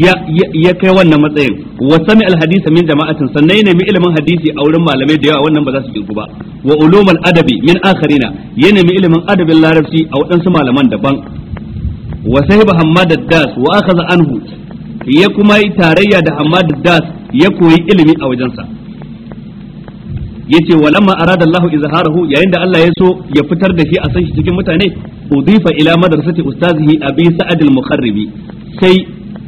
ya kai wannan matsayin wa sami alhadisa min jama'atin sannan ya nemi ilimin hadisi a wurin malamai da yawa wannan ba za su girgu ba wa ulumul adabi min akharina ya nemi ilimin adabin larabci a waɗansu malaman daban wa sahiba da ad-das wa anhu ya kuma yi tarayya da hamad da das ya koyi ilimi a wajensa yace walamma arada Allahu izharahu yayin da Allah ya so ya fitar da shi a san shi cikin mutane udifa ila madrasati ustazihi abi sa'ad al-mukharribi sai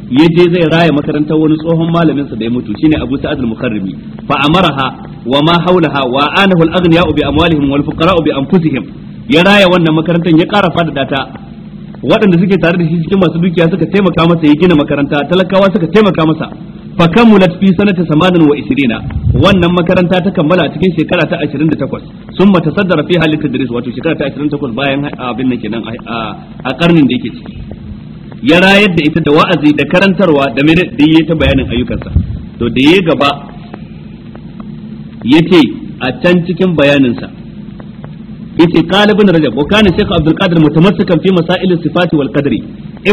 yaje zai raya makarantar wani tsohon malamin sa da ya mutu shine abu sa'ad al-mukharribi fa amaraha wa ma hawlaha wa anahu al-aghniya'u bi amwalihim wal bi anfusihim ya raya wannan makarantar ya ƙara fadada ta waɗanda suke tare da shi cikin masu dukiya suka taimaka masa ya gina makaranta talakawa suka taimaka masa fa kamulat fi sanati samanin wa isrina wannan makaranta ta kammala cikin shekara ta 28 sun mata saddara fi halin tadris wato shekara ta 28 bayan ah, abin nan kenan ah, ah, a karnin da yake ciki ya rayar da ita da wa'azi da karantarwa da mai da yayi ta bayanin ayyukansa to da yayi gaba yace a can cikin bayanin sa yace qala ibn rajab wa kana shaykh abdul qadir mutamassikan fi masail wal qadri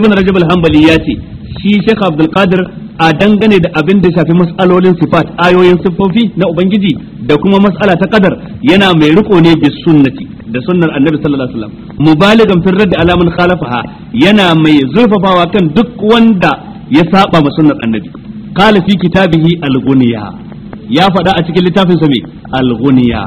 ibn rajab al hanbali yace shi shaykh abdul qadir a dangane da abin da shafi mas'alolin sifat ayoyin siffofi na ubangiji da kuma mas'ala ta qadar yana mai riko ne bi sunnati da sunnar annabi sallallahu alaihi wasallam mubaligan fi radd ala man khalafaha yana mai zurfafawa kan duk wanda ya saba ma sunnar annabi qala fi kitabihi al-ghunya ya faɗa a cikin littafin sa mai al-ghunya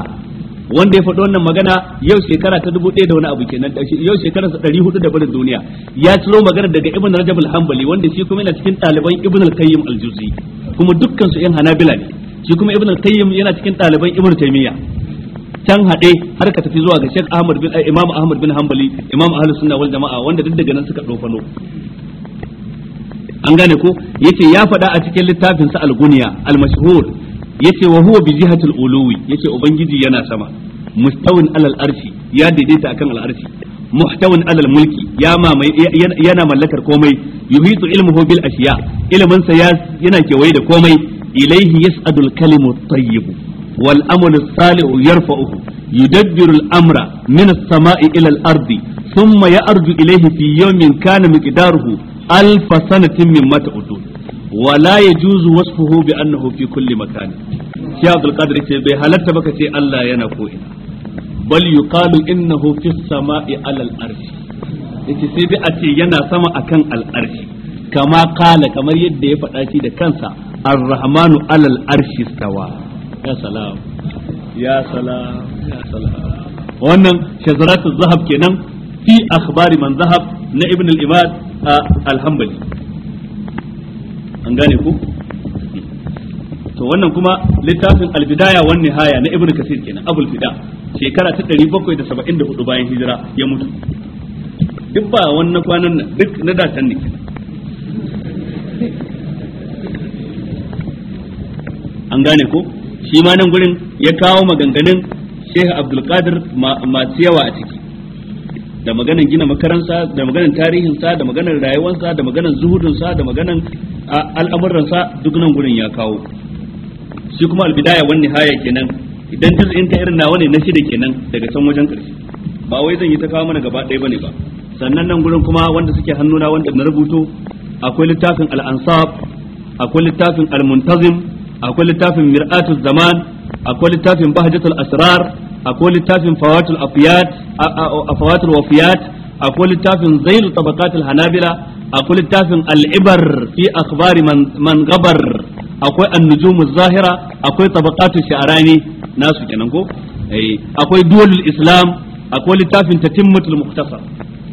wanda ya faɗi wannan magana yau shekara ta dubu ɗaya da wani abu kenan yau shekara sa ɗari hudu da barin duniya ya ciro magana daga ibn rajab al-hanbali wanda shi kuma yana cikin ɗaliban ibn al-qayyim al-juzi kuma dukkan su yan hanabila ne shi kuma ibn al-qayyim yana cikin ɗaliban ibn taymiya can haɗe har ka tafi zuwa ga Sheikh Ahmad bin eh, Imam Ahmad bin Hanbali Imam Ahlus Sunna wal Jama'a wanda duk daga nan suka ɗofano an gane ko yace ya faɗa a cikin littafin sa al-Gunya al-Mashhur yace wa huwa bi jihatil uluwi yace ubangiji yana sama mustawin alal arshi ya daidaita akan al arshi muhtawin alal mulki ya mamai yana mallakar komai yuhitu ilmuhu bil ashiya ilmin sa yana kewaye da komai ilaihi yas'adul kalimu tayyib wal amalu salihu yarfa'uhu yudabbiru al amra min as sama'i ila al ardi thumma ya'rju ilaihi fi yawmin kana miqdaruhu alf sanatin mimma ta'udun wala ya juzu wasu annahu fi kulli makan shi Abdul Qadir ce bai halatta baka ce Allah yana ko ina bal yuqalu innahu fi samai alal arshi yace sai dai a ce yana sama akan al arshi kama kala kamar yadda ya faɗa shi da kansa ar-rahmanu alal arshi ya ya ya wannan shazaratu zahab kenan fi akhbari man zahab na ibn al-ibad al-hanbali an gane ku to wannan kuma littafin albidaya wan nihaya na ibnu kasir kenan abul fida shekara ta 774 bayan hijira ya mutu duk ba wannan kwanan nan duk na datan ne an gane ko shi ma nan gurin ya kawo maganganun Sheikh Abdul Qadir masu yawa a ciki da maganan gina makaransa da maganan tarihinsa da maganan rayuwarsa da maganan zuhudunsa da maganan al'amuransa duk nan gurin ya kawo shi kuma albidaya wani haya kenan idan juz'in ta irin nawa ne na shida kenan daga can wajen ƙarshe ba wai zan yi ta kawo mana gaba ɗaya bane ba sannan nan gurin kuma wanda suke hannuna wanda na rubuto akwai littafin al akwai littafin al-muntazim akwai littafin mir'atul zaman akwai littafin bahjatul asrar akwai littafin fawatul afiyat afawatul wafiyat akwai littafin zailu tabaqatul hanabila akwai littafin al'ibar fi akhbari man gabar akwai an zahira akwai tabaqatul sha'rani nasu kenan ko eh, akwai duwalul islam akwai littafin tatimmatul muhtasar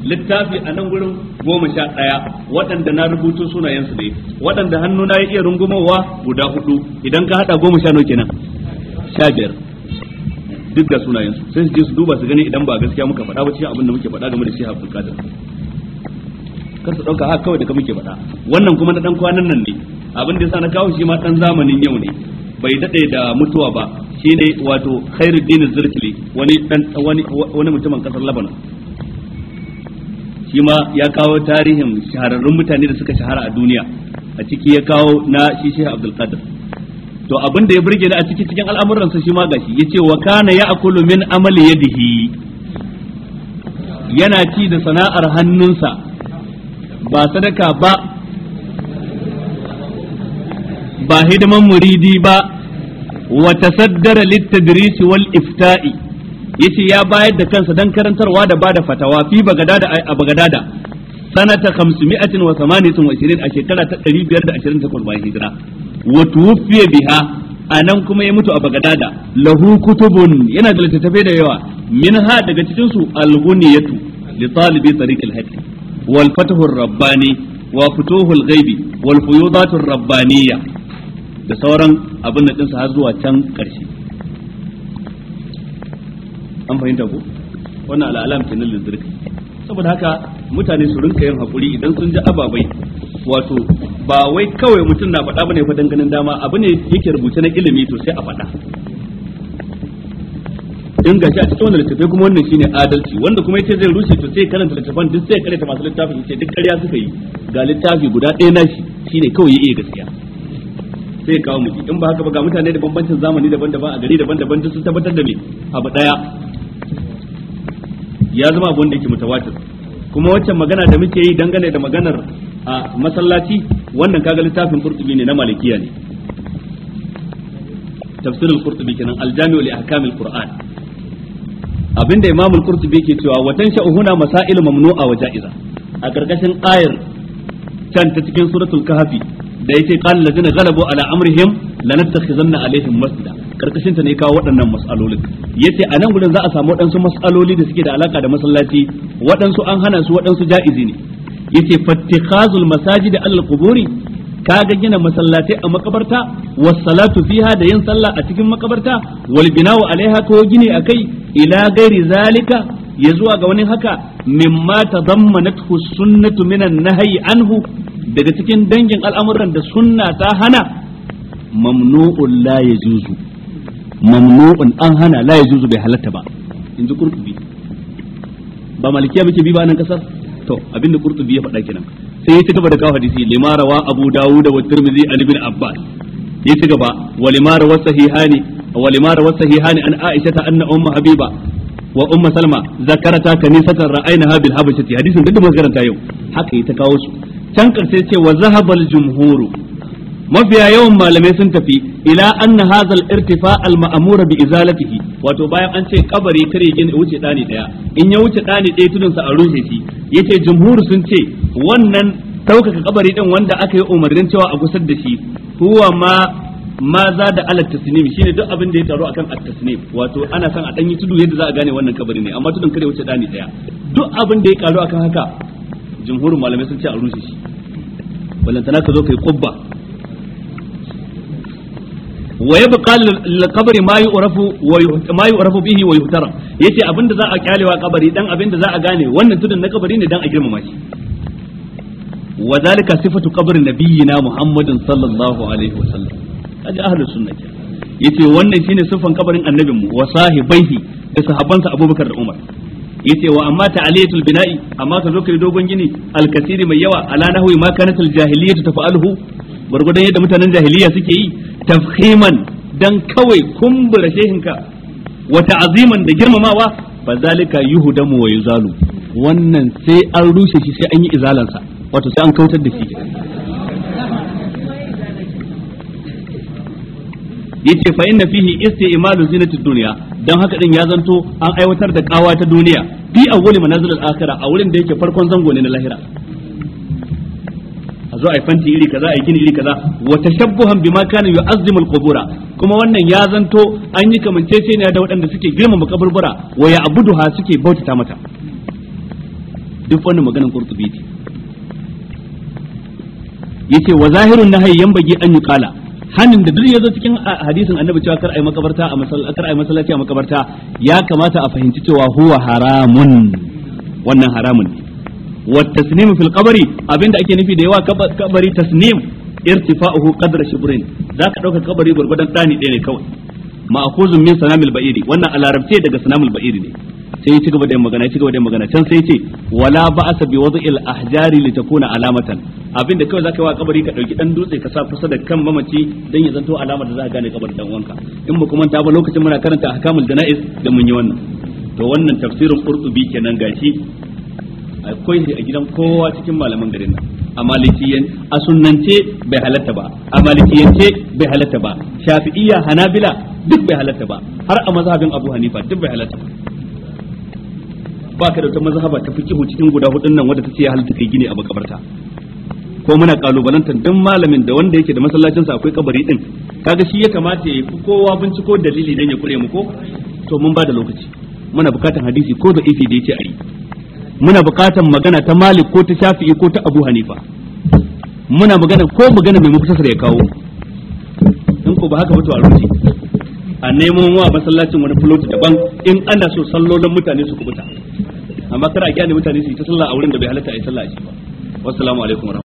littafi a nan gurin goma sha ɗaya waɗanda na rubuto sunayensu ne waɗanda hannu na iya rungumowa guda hudu idan ka haɗa goma sha nawa kenan sha biyar duk da sunayen su sai su je su duba su gani idan ba gaskiya muka faɗa ba cikin abin da muke faɗa game da Sheikh Abdul Qadir kar su dauka haka ah, kawai da muke faɗa wannan kuma na dan kwanan nan ne abin da yasa na kawo shi ma dan zamanin yau ne bai dade da mutuwa ba shi ne wato Khairuddin Zirkili wani dan wani wani mutumin kasar labanon shi ma ya kawo tarihin shahararrun mutane da suka shahara a duniya a ciki ya kawo na shi Sheikh Abdul Qadir to abin da ya burge ni a cikin cikin al'amuransa shi ma gashi yace wa kana ya'kulu min amali yadihi yana ci da sana'ar hannunsa ba sadaka ba ba hidiman muridi ba wa tasaddara littadris wal ifta'i yace ya bayar da kansa dan karantarwa da bada fatawa fi bagadada a bagadada sanata 528 a shekara ta 528 bayan hijira wa tuwfiya biha anan kuma ya mutu a bagadada lahu kutubun yana da littattafai da yawa minha daga cikin su alghuniyatu li talibi tariq al wal fathu rabbani wa futuhu al wal fuyudatu rabbaniyya da sauran abin da dinsa har zuwa can karshe an fahimta ko wannan al'alam kenan lizzirka saboda haka mutane su rinka yin hakuri idan sun ji ababai wato ba wai kawai mutum na faɗa bane fa ganin dama abu ne yake rubuce na ilimi to sai a faɗa in gashi a cikin wannan littafai kuma wannan shine adalci wanda kuma yace zai rushe to sai karanta littafan duk sai karanta masu littafin yace duk ƙarya suka yi ga littafi guda ɗaya nashi shine kawai ya iya gaskiya sai kawo mu in ba haka ba ga mutane da bambancin zamani daban-daban a gari daban-daban duk sun tabbatar da me abu daya ya zama abun da yake mutawatir kuma waccan magana da muke yi dangane da maganar a masallaci wannan kaga littafin qurtubi ne na malikiya ne tafsirul qurtubi kenan aljami'u li ahkamil qur'an abinda imam al-qurtubi ke cewa watan sha'uhuna masail mamnu'a wa ja'iza a karkashin ayar can ta cikin suratul kahfi da yake qal ladina ghalabu ala amrihim lanattakhizanna alaihim masjida karkashin ta ne kawo waɗannan mas'alolin yace a nan gurin za a samu waɗansu mas'aloli da suke da alaka da masallaci waɗansu an hana su waɗansu ja'izi ne yace fattikhazul masajid al quburi kaga gina masallatai a makabarta was salatu fiha da yin sallah a cikin makabarta wal bina'u alaiha ko gini akai ila gairi zalika ya zuwa ga wani haka mimma tadammanat sunnatu minan nahyi anhu daga cikin dangin al'amuran da sunna ta hana mamnu'un la yajuzu mamnu'un an hana la yajuzu bai halatta ba inji kurkubi ba malikiya muke bi ba nan kasar to abinda qurtubi ya faɗa kenan sai ya ci gaba da kawo hadisi lima rawa abu dawud wa tirmidhi an ibn abbas ya ci gaba wa lima rawa sahihani wa lima rawa sahihani an aisha ta anna umma habiba wa umma salma zakarata kanisatan ra'aynaha bil habashati hadisin da muka karanta yau haka yi ta kawo su can karshe ce wa zahabal jumhuru mafiya yawan malamai sun tafi ila anna hadha al-irtifa al-ma'mura bi izalatihi wato bayan an ce kabari kare gina wuce dani daya in ya wuce dani daya tunan sa a rufe shi yace jumhur sun ce wannan daukaka kabari din wanda aka yi umarnin cewa a gusar da shi huwa ma ma za da alat tasnim shine duk abin da ya taro akan at-tasnim wato ana san a danyi tudu yadda za a gane wannan kabari ne amma tudun kare wuce dani daya duk abin da ya karu akan haka jumhurin malamai sun ce a rushe shi balantana ka zo kai kubba wa ya lil qabri ma yu'rafu wa bihi wa yuhtara yace abinda za a kyalewa kabari dan abinda za a gane wannan tudun na kabari ne dan a girmama shi wa zalika sifatu qabri nabiyyina muhammadin sallallahu alaihi wa sallam kaji ahlus sunnah yace wannan shine sifan kabarin annabin mu wa sahibaihi da sahabansa abubakar da umar Ya yace wa amma ta'aliyatul bina'i amma ka zo kai dogon gini alkasiri mai yawa ala nahwi ma kanat aljahiliyyah tafa'aluhu gurgudan yadda mutanen jahiliya suke yi tafhiman dan kawai kumbura shehinka wa ta'ziman da girmamawa fa zalika yuhdamu wa yuzalu wannan sai an rushe shi sai an yi izalansa wato sai an kautar da shi yace fa inna fihi isti'malu zinati dunya dan haka din ya zanto an aiwatar da kawa ta duniya bi awwali manazil al-akhirah a wurin da yake farkon zango ne na lahira zo a yi fanti iri kaza a yi gini iri kaza wa tashabbuhan bima kana yu'azzimu al-qubura kuma wannan ya zanto an yi kamanceceniya da waɗanda suke girmama kaburbura wa ya'buduha suke bautata mata duk wannan maganar qurtubi yace wa zahirun nahyi yanbaghi an yuqala hanin da duk ya zo cikin ah, hadisin annabi cewa kar ayi makabarta a masallaci kar ayi masallaci a makabarta ya kamata a fahimci cewa huwa haramun wannan haramun wa tasnimu fil qabri abinda ake nufi da yawa kabari tasnim irtifa'uhu qadra shibrin zaka dauka kabari gurgudan dani ɗaya ne kawai ma'khuzun min sanamil ba'iri wannan a larabce daga sanamil ba'iri ne sai ya ci gaba da yin magana ya ci gaba da yin magana can sai ya ce wala ba'asa bi wad'il ahjari li takuna alamatan abin da kawai zaka yi wa kabari ka dauki dan dutse ka sa kusa da kan mamaci dan ya zanto alamar da za ka gane kabarin dan wanka in ba kuma ta ba lokacin muna karanta ahkamul janaiz da mun yi wannan to wannan tafsirin qurtubi kenan gashi akwai shi a gidan kowa cikin malaman garin nan a malikiyan a sunnance bai halatta ba a malikiyance bai halatta ba shafi'iyya hanabila duk bai halatta ba har a mazhabin abu hanifa duk bai halatta ba ba ka da wata mazhaba ta kihu cikin guda hudun nan ta tace ya halatta kai gine a makabarta ko muna kalubalantar duk malamin da wanda yake da masallacin sa akwai kabari din kaga shi ya kamata ya fi kowa binciko dalili dan ya kure mu ko to mun ba da lokaci muna bukatan hadisi ko da ifi da yake ayi muna buƙatar magana ta malik ko ta shafi'i ko ta abu hanifa muna magana ko magana mai muktasar ya kawo in ko ba haka ba to a rufe a nemo wa masallacin wani fuloti daban in ana so sallolin mutane su kubuta amma kada a gane mutane su yi ta sallah a wurin da bai halatta a yi sallah a shi ba wassalamu alaikum